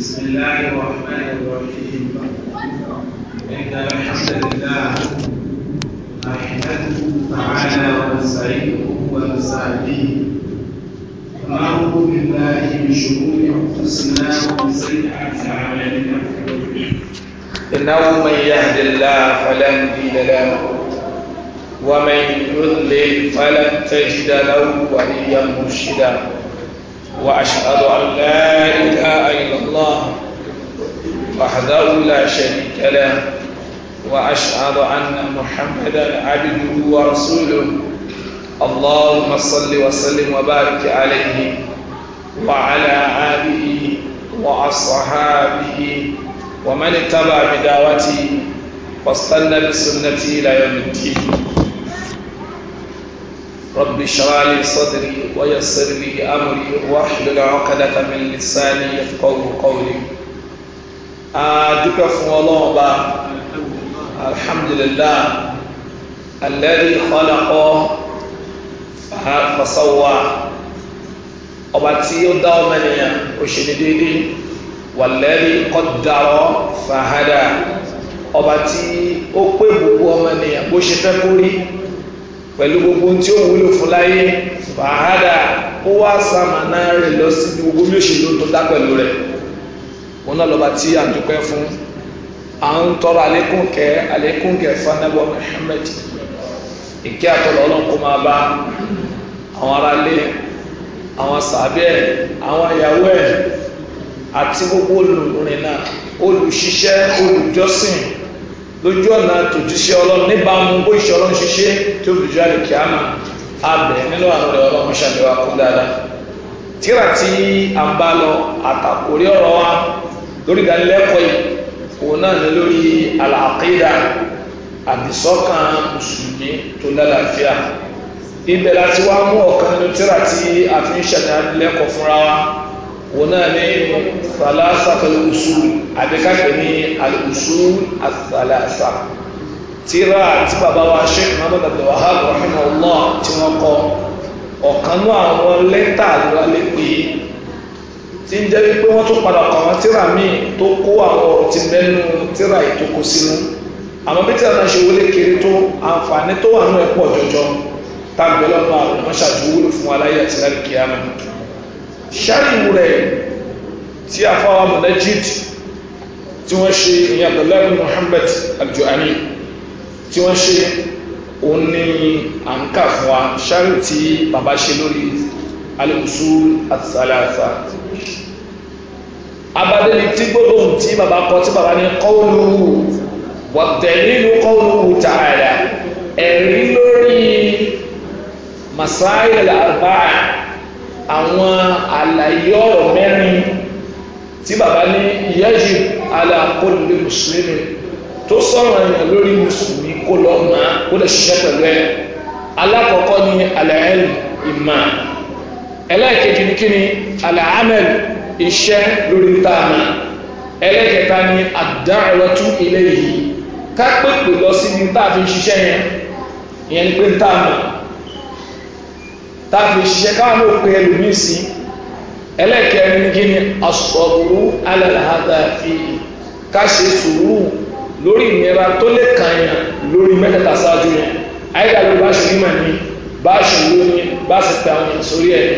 بسم الله الرحمن الرحيم إن الحمد لله نحمده تعالى ونستعينه ونستهديه ونعوذ بالله من شرور أنفسنا ومن سيئات أعمالنا إنه من يهد الله فلا مضل له ومن يضلل فلن تجد له وليا مرشدا وأشهد أن لا إله إلا الله وحده لا شريك له وأشهد أن محمدا عبده ورسوله اللهم صل وسلم وبارك عليه وعلى آله وأصحابه ومن اتبع بدعوته واستنى بسنته إلى يوم الدين رب اشرح لي صدري ويسر لي امري واحلل عقدة من لساني يفقهوا قولي ادعوك فو الله الحمد لله الذي خلق فسوى ọba tí ó dá ọmọ ènìyàn ó ṣe ní déédéé wàlẹ́rì kọ́dàrọ́ fàhádà ọba tí ó pé gbogbo ọmọ ènìyàn bó ṣe fẹ́ kó rí pẹ̀lú gbogbo tí ó wúlò fún láyé fàhádà ó wá sàmànà rẹ̀ lọ sí gbogbo bí òṣèlú tó dá pẹ̀lú rẹ̀ wọn náà lọ́ba tí a dúpẹ́ fún à ń tọrọ àlékún kẹ fanabọ Muhammad ìkẹ́ àtọ̀rọ̀ ọlọ́run kó máa bá àwọn aráalé àwọn sàbẹ̀ àwọn ìyàwó ẹ̀ àti gbogbo olùrìn olùṣiṣẹ́ olùjọ́sìn lójú ọ̀nà tòjúṣe ọlọ́run níbàámu bó ìṣe ọlọ́run ṣiṣẹ́ tí ó bìjú àlè kíámà abẹ nínú àwọn ọ̀rẹ́ ọlọ́run ṣàlẹ́wà kún dáadáa tíra tí a ń bá lọ àtàkórí ọ̀rọ̀ wa lórí ìdánilẹ́kọ̀ọ́ yìí òun náà ní lórí àlàkídà àdìsọ́kàn mùsùlùmí tó lálàáfíà ibẹ̀ láti wá mú ọ̀kan nínú tíra tí a fi ń ṣàlẹ́ àdìlẹ́kọ̀ọ́ fúnra wa wọn náà ní salasatul usul àbíkápẹ́ ní al-usul as-salasa tíra àti bàbá wa sheikh muhammad abdul wahab rahimahullah tí wọ́n kọ ọ̀kan náà àwọn lẹ́tà lọ́lẹ́ pé tí ń jẹ́ wípé wọ́n tún padà kọ̀ wọ́n tíra míì tó kó àwọn ọ̀rọ̀ ti mẹ́nu tíra ìtókò sínú àmọ́ bí tíra náà ṣe wọlé kiri tó àǹfààní tó wà nínú ẹ̀ pọ̀ jọjọ táàgbẹ́ àwọn ọmọ ṣàdúró fún aláyé àti láríkì àmọ́ ṣẹ́rìn rẹ̀ tí a fáwọn mọ̀lẹ́jìd tí wọ́n ṣe ìyẹn abdullahi muhammad aljuhani tí wọ́n ṣe òun ni à ń kà fún wa ṣẹ́rìn tí bàbá ṣe lórí al-usul ath abadeli tí gbólóhùn tí bàbá kọ tí bàbá ní qawlu wa dalilu qawluhu ta'ala ẹ̀rí lórí masáyẹ̀ làbáà àwọn àlàyé ọ̀rọ̀ mẹ́rin tí bàbá ní yẹ́jì alákòlè mùsùlùmí tó sọ̀rọ̀ èèyàn lórí mùsùlùmí kó lọ máa kó lè ṣiṣẹ́ pẹ̀lú ẹ̀ alákọ̀ọ́kọ́ ni alẹ́ẹ̀lì ìmọ̀ ẹlẹ́ẹ̀kejì ni kíni alẹ́àmẹ́lì iṣẹ́ lórí táàmà ẹlẹ́ẹ̀kẹta ni àdáàrọ̀tú ilé yìí ká pèpè lọ sí ní ṣiṣẹ́ yẹn ìyẹn ni pé táàmà táfi ṣiṣẹ́ káwọn ló pe ẹlòmíì sí ẹlẹ́kẹ̀ẹ́rin ní kíni asọ̀rọ̀ alàlàhàdà fìyì ká ṣe sùúrù lórí ìnira tó lè kàyàn lórí mẹ́tẹ̀ẹ̀ta ṣáájú yẹn àyíká ló bá ṣe rímọ̀ ní bá ṣe lóní bá sì pe àwọn ìsórí ẹ̀ ní.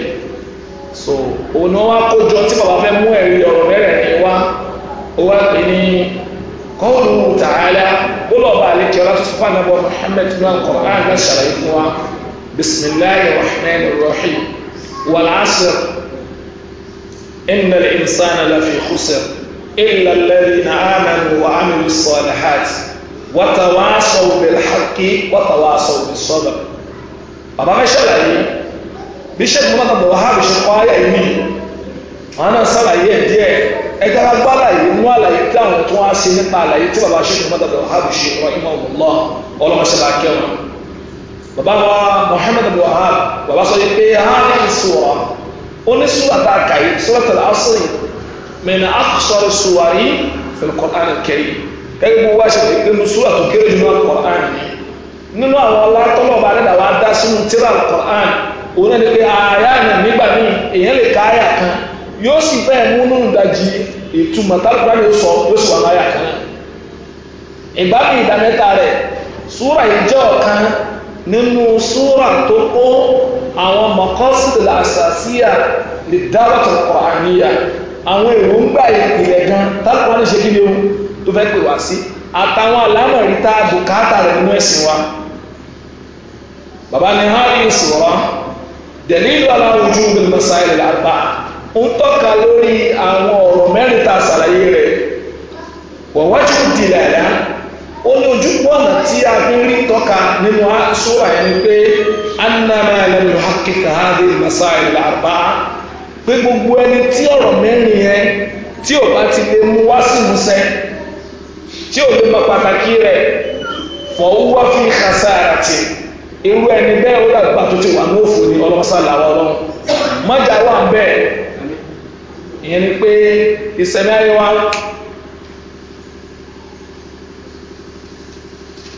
so òun náà wá kójọ tí bàbá fẹ́ mú ẹ̀rí ọ̀rọ̀ mẹ́rẹ̀ ní wá ó wá pè ní kọ́ọ̀lù tààlà ó bá àlejò ọlá tó fún àná بسم الله الرحمن الرحيم والعصر إن الإنسان لفي خسر إلا الذين آمنوا وعملوا الصالحات وتواصوا بالحق وتواصوا بالصدق أبا ما شاء الله بشكل ما تبقى بشكل قاية إيمين أنا سأل إيه إذا أقبال إيه موالا يتلعون تواصي نبالا يتبقى بشكل ما تبقى وها بشكل الله أولا ما شاء الله كيوم bàbá wa Muhammad abu ahab bàbá sọ yìí pé ahab yìí sùwà ó ní sùwà tá a kà yìí suratul asr min aqsar suwari fil Qur'an al-Karim kẹ́kẹ́ bí wọ́n ṣe pé nínú sùwà tó kéré jù náà Qur'an nínú àwọn ọlátọ́lọ́ ọba dẹ́dà wa dá sínú tírà Qur'an òun náà ni pé ààyè àná nígbà míì èèyàn lè ká àyà kan yóò sì bẹ́ẹ̀ múnú ìdajì ìtumọ̀ tálùkùrá yóò sọ yóò sì wà láyà kan ìgbà mi ìdá mẹ́ta rẹ̀ súrà yìí jẹ́ ọ̀kan nínú súrà tó kó àwọn mọ̀kọ́sílẹ̀ àṣàṣíyà lè dáwọ́tò Kùránìyà àwọn èròǹgbà ìpìlẹ̀ gan tákùnrin ṣe kí ni o tó fẹ́ pè wá sí àtàwọn àlámọ̀ rí tá a bùkátà rẹ̀ nínú ẹ̀sìn wa bàbá ni hàlì sọ̀rọ̀ dẹ̀lílù aláwùjú bìlmọ̀sáì làbà ń tọ́ka lórí àwọn ọ̀rọ̀ mẹ́rin tá a ṣàlàyé rẹ̀ wọ̀wọ́jú dìlẹ̀ rẹ̀ ó ní ojúpọ̀ nri tọka a fi rí tọ́ka nínú sóra ẹni pé annama ẹlẹ́nu hakika adé ìmọ̀sá ìlà àbá gbogbo ẹni tí ọ̀rọ̀ mẹ́rin yẹn tí o bá ti lè mú wá sí musẹ́ tí ò lè mọ pàtàkì rẹ̀ fọwọ́ fi kàṣà àti irú ẹni bẹ́ẹ̀ ó dàgbà tó ti wà ní òfò wà bẹ́ẹ̀ ìyẹn ni pé ìsẹ̀mí ayé wa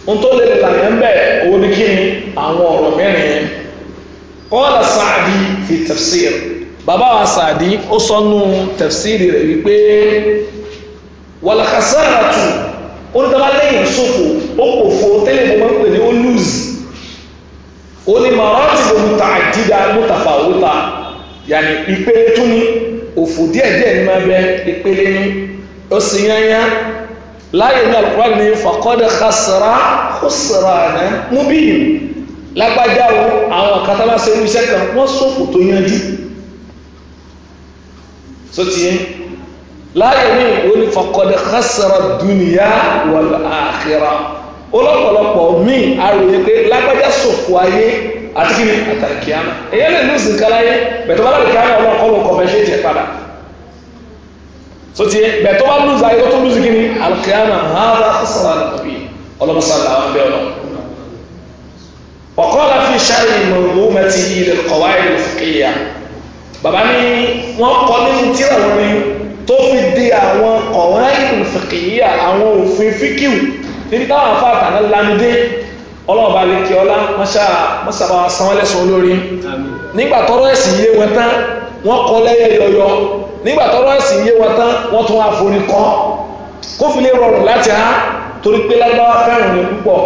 ohun tó lè làyẹ̀ ń bẹ̀ òun ni kí ni àwọn ọ̀rọ̀ mẹ́rin yẹn kọ́lá sáàdì fi tafsir bàbá wa sáàdì ó sọnù tafsir rẹ̀ wípé wàlàkàsáàrà tù ó ní dábàá lẹ́yìn ṣòfò ó kò fo tẹ́lẹ̀ mo máa ń pè ní ó lùzì ó ní maratibu muta'addida mutafawita yàní ìpele tún òfò díẹ̀díẹ̀ ní máa bẹ ìpele ní ó sì yányá láyé ní alukura ni faqad khasra khusranan mubin lágbájá o àwọn kàtàbà ṣe irú iṣẹ́ kan wọ́n sọ̀kò tó yanjú sotie láyé ní òní faqad khasra dunya wal akhirah olọ́pọ̀lọpọ̀ míì aròyìn pé lágbájá sọ̀kò ayé àti kí ni àtàkìyàmà èyí lè lùsìn káláyé bẹ̀tọ̀ bá láti káyọ̀ ọlọ́kọ́ ló kọ̀ fẹ́ ṣe é jẹ padà so ti bẹ̀ tó bá lùzà ayé tó tún lùzì kí ni alikiyama hàrà sọ̀rọ̀ àlùkòbí ọlọ́mọsálà àwọn bẹ́ẹ̀ lọ. ọ̀kọ́ la fi ṣáàrì mọ̀rùn mẹ́tì ilẹ̀ kọ̀wá ìlú fìkìyà bàbá ni wọ́n kọ́ nínú tíra wọn ni tó fi di àwọn kọ̀wá ìlú fìkìyà àwọn òfin fíkìw níbi táwọn afá àtàná lánidé ọlọ́run bá lè kí ọlá mọ́sàbá sanwó-ẹlẹ́sùn olórí nígbà tọ́rọ ẹ̀sìn yé wọn tán wọ́n kọ́ lẹ́yẹ yọyọ nígbà tọ́rọ ẹ̀sìn yé wọn tán wọ́n tún wá forí kọ́ kó fi lè rọrùn láti há torí pé lágbáwá fẹ́ràn rẹ̀ púpọ̀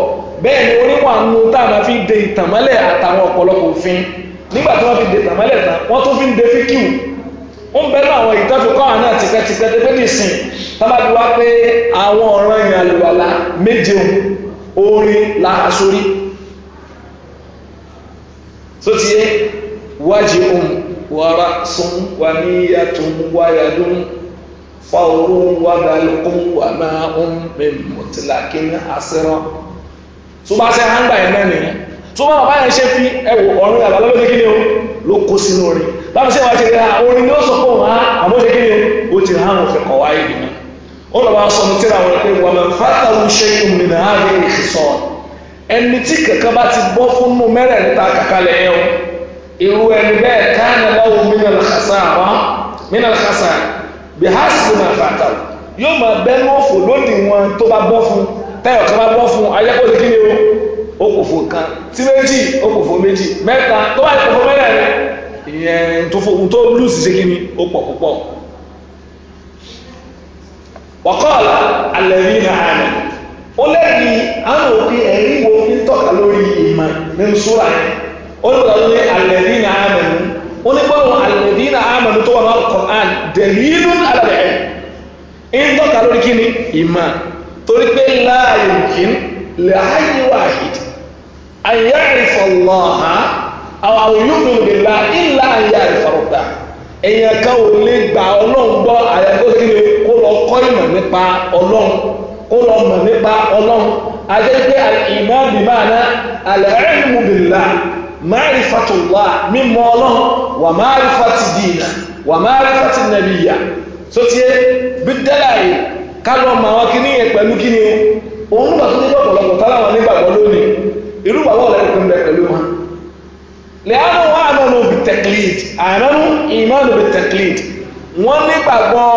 bẹ́ẹ̀ ni oníwà ń nu táàmà fi de ìtànmọ́lẹ̀ àtàwọn ọ̀pọ̀lọpọ̀ òfin nígbà tí wọ́n fi de ìtànmọ́lẹ̀ tán wọ́n tún fi ń de fíkìú ń bẹ́ẹ̀ náà àwọn ìtọ́jú kọ́wà náà tipẹ́tipẹ́ tó gbé nìsín tábàbí wá pé àwọn ọ̀ràn ìrìn àlùwàlà méje orin la asorí tó ti yé wájú ohun ورأس ونية ويد فور وبلق وماء من مطلق أسرى tó bá ṣe hangba yẹn náà nìyẹn tó bá bàbá yẹn ṣe fi ẹwò ọ̀run yàrá lọ́dọ̀ kí ni o ló kó sínú orin báwo ṣe wàá ṣe ra orin ló sọ fún wa àmọ́ ṣe kí ni o ti hàn òfin kọ̀ wáyé nìyẹn ó lọ bá sọ ní tíra wọn pé wàmẹ fátàlù ṣe ìmìnira àbí ìṣọ ẹni tí kankan bá ti bọ́ fún mú mẹ́rẹ̀ẹ́ta kàkálẹ̀ yẹn o irú ẹni bẹ́ẹ̀ káàní lọ́wọ́ mínal khasara mínal khasara bí hásìlì náà fàtà yóò máa bẹ́ mọ́fò lódì wọn tó bá bọ́ fún táyọ̀ tó bá bọ́ fún ayẹ́kọ̀ọ́ kí ni o ó kò fò kan tí méjì ó kò fò méjì mẹ́ta tó bá kò fò mẹ́ta ìyẹn tó fòun tó lùsì sí kí ó pọ̀ púpọ̀ wọ́kọ́ọ̀lá alẹ́rí na àmì ó lẹ́bi àwọn òbí ẹ̀rí wo ń tọ́ka lórí ìmọ̀ nínú súra yẹn olùkọ́ ní alẹ́dí na amẹ̀nu wọ́n ní gbọ́dọ̀ alẹ́dí na amẹ̀nu tó wà ní Qur'an dẹ̀lílù alẹ́ ẹ̀ ń tọ́ka lórí kí ni ìmọ̀ torí pé láàyè kí lè háyé wáhid àyè àrífọ̀lọ́ha àwọn yóò lè la ìlà àyè àrífọ̀lọ́ta èèyàn kan ò lè gba ọlọ́run gbọ́ àyàkó kí ni kó lọ kọ́ ìmọ̀ nípa ọlọ́run kó lọ mọ̀ nípa ọlọ́run àti pé ìmọ̀ bìmọ̀ àná al máàrífàtòlá mímọ̀ ọlọ́run wà máàrífàtì dìínà wà máàrífàtì nàbíyà tó ti yé bí dẹ́là yìí kálọ̀ ma wọn kí ní yẹn pẹ̀lú kí ni o òun nígbà tó nígbà ọ̀pọ̀lọpọ̀ tá láwọn nígbàgbọ́ lónìí irú bàbá ọ̀rẹ́ kò ń bẹ pẹ̀lú wọn. lẹ́yìn wọn àmọ́nù bí tẹ̀klid àmọ́nù ìmọ̀nù bí tẹ̀klid wọ́n nígbàgbọ́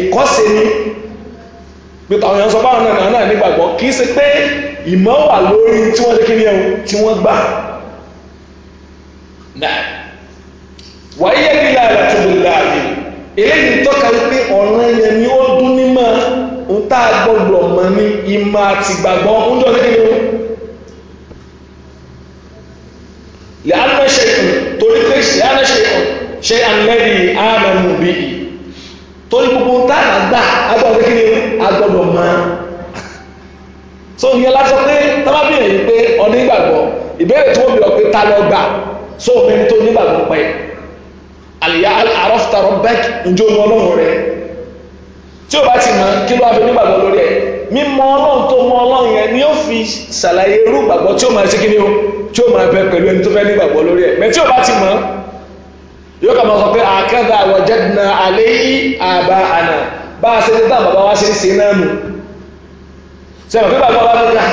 ìkọ́sẹ̀ ni pípa àwọn ìyànsọ́ báwọn náà náà nígbàgbọ́ kì í ṣe pé ìmọ̀ wà lórí tí wọ́n lékè ní ẹ̀hún tí wọ́n gbà náà wàá yẹ kí yára tó láàyè eléyìí tọ́ka wípé ọ̀ràn yẹn ni ó dún ní mọ́ ń tá a gbọ́dọ̀ mọ́ ní ìmọ̀ àtìgbàgbọ́ ń jọ lékè ní ẹ̀hún lẹ́yìn àná ṣe ìkùn torí pé ṣe àná ṣe ìkùn ṣe ànẹ́bí àmọ́ mú bíi torí gbogbo ń táà gbà agbọ́dọ̀ kí ni agbọ́dọ̀ máa so ìyẹn lásán pé tábàbí èyí pé ọdún ìgbàgbọ́ ìbéèrè tí wọ́n bí ọ pé ta lọ gbà so mẹ́rin tó nígbàgbọ́ pẹ́ àlìyá àrọ́fùtàrọ̀ bẹ́ẹ̀kì njó ní ọlọ́run rẹ̀ tí o bá ti mọ̀ kí ló wá fi nígbàgbọ́ lórí ẹ̀ mímọ̀ ọlọ́run tó mọ̀ ọlọ́run yẹn ni ó fi ṣàlàyé irú ìgbàgbọ́ tí ó máa ṣe kí ni o tí ó máa bẹ pẹ̀lú ẹni tó fẹ́ nígbàgbọ́ lórí ẹ̀ mẹ́ tí o bá ti mọ̀ yóò kà máa sọ pé àkàdà wajadna alayhi aba'ana bá a ṣe ní bá bàbá wa ṣe ń ṣe náà nù sẹ́wọ̀n pé bàbá wa nígbà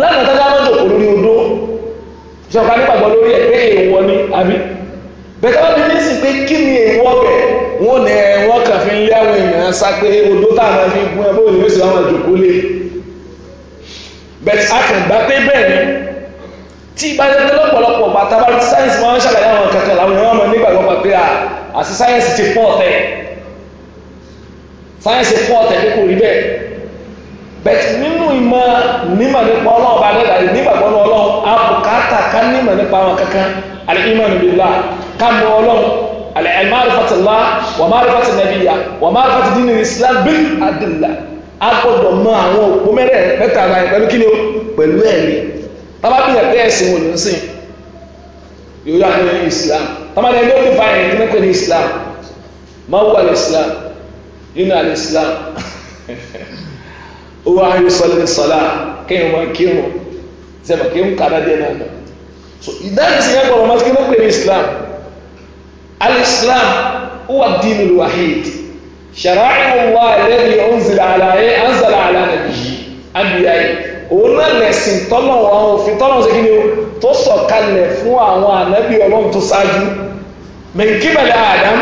lánàá tájá máa jòkó lórí odó sọ̀rọ̀ ká nígbàgbọ́ lórí ẹ̀ pé èèwọ̀ ni àbí bẹ́ẹ̀ táwọn bíbí sì pé kí ni èèwọ̀ bẹ̀ wọ́n ní wọ́n kàn fi ń lé àwọn èèyàn sá pé odó táwọn fi gún ẹ bó ìwé àwọn jòkó lé bẹ́ẹ̀ a kàn gbá pé bẹ́ẹ̀ ni tí ìbájẹ́ pé àti sáyẹ́nsì ti pọ̀ tẹ̀ sáyẹ́nsì pọ̀ tẹ̀ pé kò rí bẹ́ẹ̀ bẹ́ẹ̀ nínú ìmọ̀ nímọ̀ nípa ọlọ́run bá dẹ́gbà nígbàgbọ́ ní ọlọ́run àbùkátà ká nímọ̀ nípa àwọn kankan àlìmọ̀ nílùú ká mọ ọlọ́run àlìmọ̀ wà máa rífàtì Islam bí adìlá a gbọ́dọ̀ mọ àwọn òpó mẹ́rẹ̀ mẹ́ta ara ẹ̀ pẹ̀lú kíni o pẹ̀lú ẹ̀rí Islam tọ́mọdé ló ti fa ẹ̀yìn nípa ní islam máa wà ní islam nínú àlè islam owó ayé sọlẹ̀ ní sọlá kéèyàn máa kírun sẹ́mi kéèyàn kàdá díẹ̀ náà nà so ìdáhùn sí yẹn gbọ́dọ̀ máa kí ló pè ní islam àlè islam huwa dínú wahid shara'i Allah alladhi unzila ala anzala ala nabiyyi anbiya'i òun náà lẹ̀sìn tọ́lọ̀ àwọn òfin tọ́lọ̀ ṣe kí ni o tó sọ̀kalẹ̀ fún àwọn ànábì ọlọ́run tó ṣáájú mẹ̀kímẹ̀lẹ̀ àdám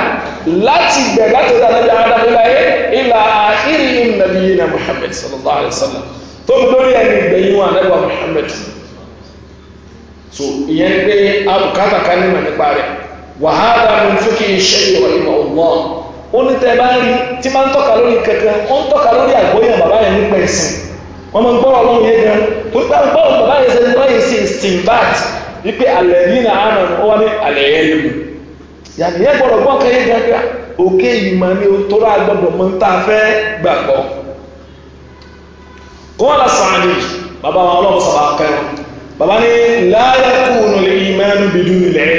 láti gbẹ̀ láti ọ̀dọ̀ ànábì àdám láyé ìlà àhírí ìnàbí yìí na Muhammad sallallahu alayhi wa sallam tó fi lórí ẹni ìgbẹ̀yìn wọn ànábì Muhammad so ìyẹn pé abùkátà ká nímọ̀ nípa rẹ̀ wàhálà mi fún kí n ṣe ìwà ìmọ̀ ọ̀gbọ́n ó bá rí tí máa ń tọ́ka lórí kankan ó ń tọ́ka lórí àgbóyàn bàbá yẹn nípa ẹ̀sìn wọ́n máa ń gbọ́rọ̀ ọlọ́run yẹn gan torí pé àwọn bọ́ọ̀lù bàbá yẹn ṣe ń báyìí sí stimbat wípé alẹ́ yìí náà àmọ́ ó wá ní alẹ́ yẹn lè mú yàtọ̀ yẹn gbọ́dọ̀ gbọ́ kẹ́ yẹn gan pé òkè ìmọ̀ ni o tó rà gbọ́dọ̀ mọ́ ń tà fẹ́ gbàgbọ́. kó wọ́n lọ sàánì bàbá wọn ọlọ́run sọ̀rọ̀ akẹ́rọ bàbá ní láyé kùnú lè ìmọ̀ ẹnu bìdú nílẹ̀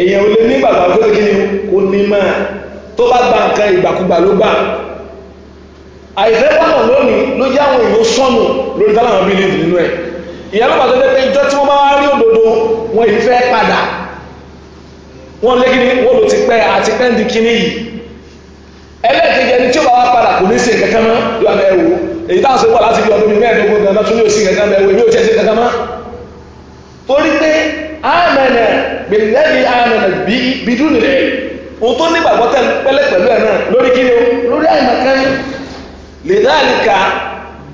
èèyàn ò lè ní gbàgbọ́ àìfẹ́fọ́nà lónìí ló jẹ́ àwọn èèyàn sọ́nù lórí táláwọn bílíìfù nínú ẹ̀ ìyá lọ́pàá tó pé ìjọ tí wọ́n bá rí òdodo wọn èyí fẹ́ padà wọ́n lé kíní wọ́n lò ti pẹ́ àti pẹ́ ń di kíní yìí ẹlẹ́ẹ̀kejì ẹni tí ó bá wá padà kò ní sí kankan mọ́ yóò àmọ́ ẹ̀wò èyí táwọn sọ wà láti bí ọdún mẹ́ẹ̀ẹ́dógún gan-an tún yóò sí kankan mọ́ ẹ̀wò èmi ò tiẹ̀ sí kankan mọ́ torí pé àmẹ́nà gbèlẹ́bí àmẹ́nà bídú nìlẹ̀ òun tó nígbàgbọ́ tẹ́lẹ̀ pẹ́lẹ́ pẹ̀lú ẹ̀ náà lórí kíní o lórí àìmọ̀kan لذلك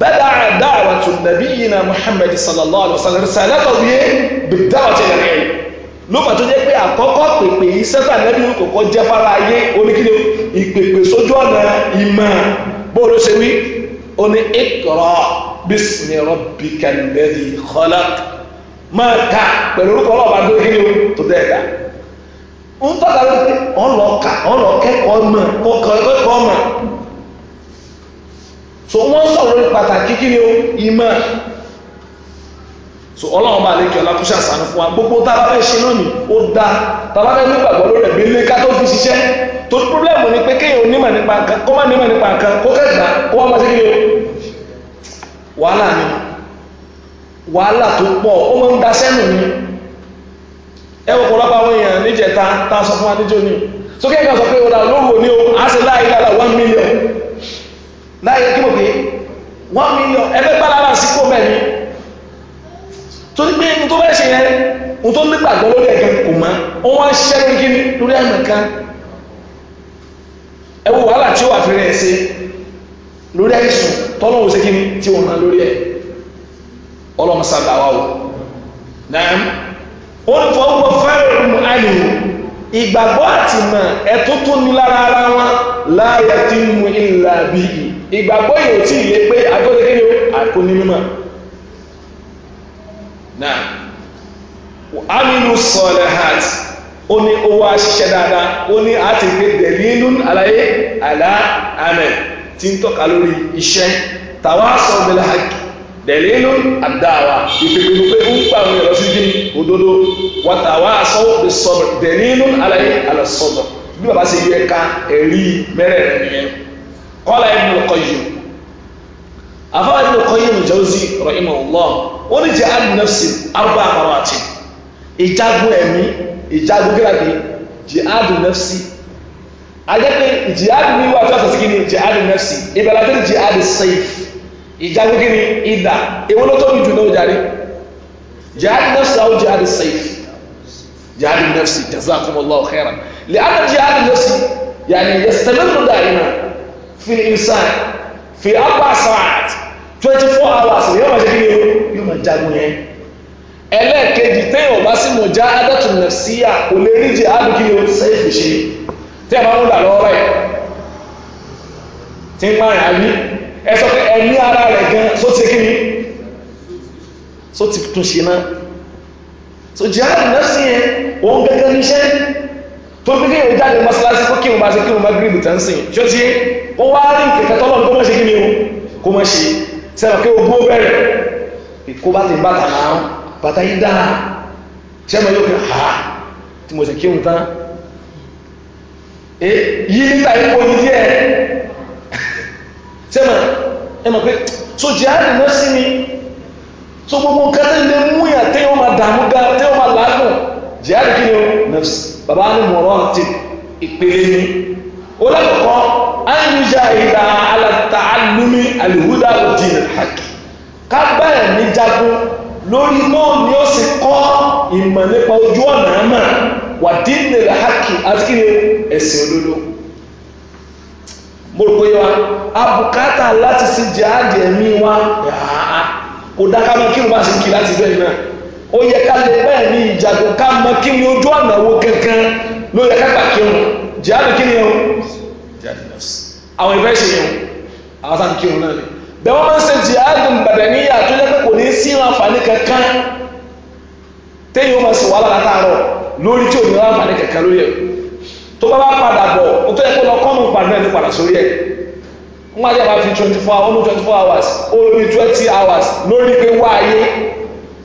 بدأ دعوة نبينا محمد صلى الله عليه وسلم رسالته بالدعوة إلى العلم ló fà tó jẹ́ pé àkọ́kọ́ pèpè yìí sẹ́tà nẹ́bí kòkọ́ jẹ́ fara ayé oníkíni ìpèpè sójú ọ̀nà ìmọ̀ bó ló ṣe wí ó ní iqra bismi rabbikal ladhi khalaq máa ka pẹ̀lú orúkọ ọlọ́ọ̀bá tó kí ni tó dẹ̀ dá ń tọ́ka ló pé ọ̀n lọ kà ọ̀n lọ kẹ́kọ̀ọ́ mọ̀ kọ́kọ́ mọ̀ so wọ́n sọ̀rọ̀ lórí pàtàkì kí ni ó ìmọ̀ so ọlọ́run bá lè kí ọlá kó ṣàṣàánú fún wa gbogbo tá fẹ́ ṣe náà ni ó da tá a bá fẹ́ nígbàgbọ́ lórí ẹ̀gbẹ́ ilé ká tó fi ṣiṣẹ́ tó pírọ́blẹ́mù ni pé kéèyàn onímọ̀ nípa nǹkan kó má nímọ̀ nípa nǹkan kó kẹ́gbà kó wá máa ṣe kí ni ó wàhálà ni wàhálà tó pọ̀ ó mọ́ ń da sẹ́nu ni ẹwọ́ pọ̀lọpọ̀ àwọn èèyàn níjẹta tá a sọ fún adíjọ́ ni sókè ìgbà sọ pé ó dà lóòrò ní o á sì láì one million láyé kí mo pè é one million ẹgbẹ́ gbálára sí kó mẹ́rin torí pé n tó bẹ́ẹ̀ ṣe yẹn n tó nígbàgbọ́ lórí ẹ̀gẹ́ kò mọ́ ó wá ń ṣiṣẹ́ lórí kíni lórí àmì kan ẹ wo wàhálà tí ó wà fi rẹ̀ ṣe lórí àìsùn tọ́lọ́ ò ṣe kíni tí wọ́n ná lórí ẹ̀ ọlọ́mọ sábà wà o náà ó ń fọwọ́ fẹ́ràn mu àlùmọ́ ìgbàgbọ́ àtìmọ̀ ẹ̀ tó tún ní lára ara wọn láyà tí ń mu ìlà bíi ìgbàgbọ́ yìí ò tí ì lé pé agbọ́dọ̀ kí ni ó àkó ní mímọ̀ náà aminu sọ̀rọ̀ hàt ó ní owó aṣiṣẹ́ dáadáa ó ní àti pé dẹ̀lílù àlàyé àlá àmẹ́ tí ń tọ́ka lórí iṣẹ́ tàwa sọ bẹ̀rẹ̀ hàkì dẹ̀lílù àdáwà ìpèpèlú pé ń pa àwọn ẹ̀rọ bí òdodo wàtàwà sọ bẹ̀rẹ̀ dẹ̀lílù àlàyé àlọ́sọ̀dọ̀ bí bàbá ṣe yẹ ká ẹ̀rí mẹ́rẹ̀ẹ̀rin yẹn kọ́lá Ibn al-Qayyim àfáà Ibn al-Qayyim al-Jawzi rahimahullah ó ní jẹ́ al-nafsi arba marati ìjagun ẹ̀mí ìjagun gíràgì jihadu nafsi ajẹ́pẹ́ jihadu ní wàá fẹ́sẹ̀ sí ni jihadu nafsi ìbẹ̀rẹ̀ àti jihadu sayf ìjagun kí ni ìdà èwo ló tóbi jù náà jáde jihadu nafsi àwọn jihadu sayf jihadu nafsi jazakumullahu khairan li'anna jihadu nafsi yani yastamir da'ima fil insan fi arba sa'at twenty hours yóò máa ṣe kí ni o yóò máa jagun yẹn ẹlẹ́ẹ̀kejì téèyàn bá sì mọ̀ já adatun nafsiya kò lè rí jẹ́ àdúgbò yóò sẹ́yìn fi ṣe tí a máa ń dà lọ́wọ́ rẹ̀ tí ń pààyàn àbí ẹ sọ pé ẹ̀mí ara rẹ̀ gan só ti kí ni só ti tún ṣe náà so jihad nafsi yẹn òun gẹ́gẹ́ níṣẹ́ tó fi kéèyàn jáde mọ́sálásí kó kírun bá ṣe kírun mágírìbì tán sìn tí ó ti yé ó wá rí kẹ̀kẹ́ tọ́lọ̀ kó mọ̀ ṣe kí ni o kó mọ̀ ṣe sẹ́nà pé ogún ó bẹ̀rẹ̀ kó bá ti bàtà náà bàtà yìí dáa ṣé mo yóò fi hà tí mo sì kírun tán yìí níta ipò yìí díẹ̀ ṣé ẹ mọ̀ pé so jihadi náà sí ni so gbogbo nǹkan tẹ́lẹ̀ mú yàn tẹ́yọ́ máa dààmú tẹ́yọ́ máa làágùn jihadi kí ni o nafsi bàbá ní mọ̀rán ti ìpele ní olókòkò ayélujára ìdá aláta alumi alihuda odin haki ká bẹ̀rẹ̀ ní jagun lórí náà ni ó sì kọ́ ìmọ̀ nípa ojú ọ̀nà àmà wà dínlẹ̀ haki àti kí ẹ̀sìn olódó mo rò pé wa abùkátà láti ṣe jihadi ẹ̀mí wa kò dáká kí n bá ṣe kí láti bẹ́ẹ̀ náà ó yẹ ká lè bẹ́ẹ̀ ní ìjàgùn ká mọ kí ni ojú ọ̀nà wo kankan ló yẹ ká gbà kírun jihadu kí ni o àwọn ìfẹ́ ṣe yẹn o àwọn sáà ń kírun náà ni bẹ́ẹ̀ wọ́n máa ń ṣe jihadu badaniya tó yẹ pé kò ní sí àǹfààní kankan téyìn ó máa sì wàhálà látàárọ̀ lórí tí ò ní àǹfààní kankan lórí ẹ̀ tó bá bá padà bọ̀ ó tó yẹ kó lọ kọ́nù padà ní padà sórí ẹ̀ wọ́n á yẹ máa fi twenty four hours ó twenty four hours ó ní twenty hours lórí pé wá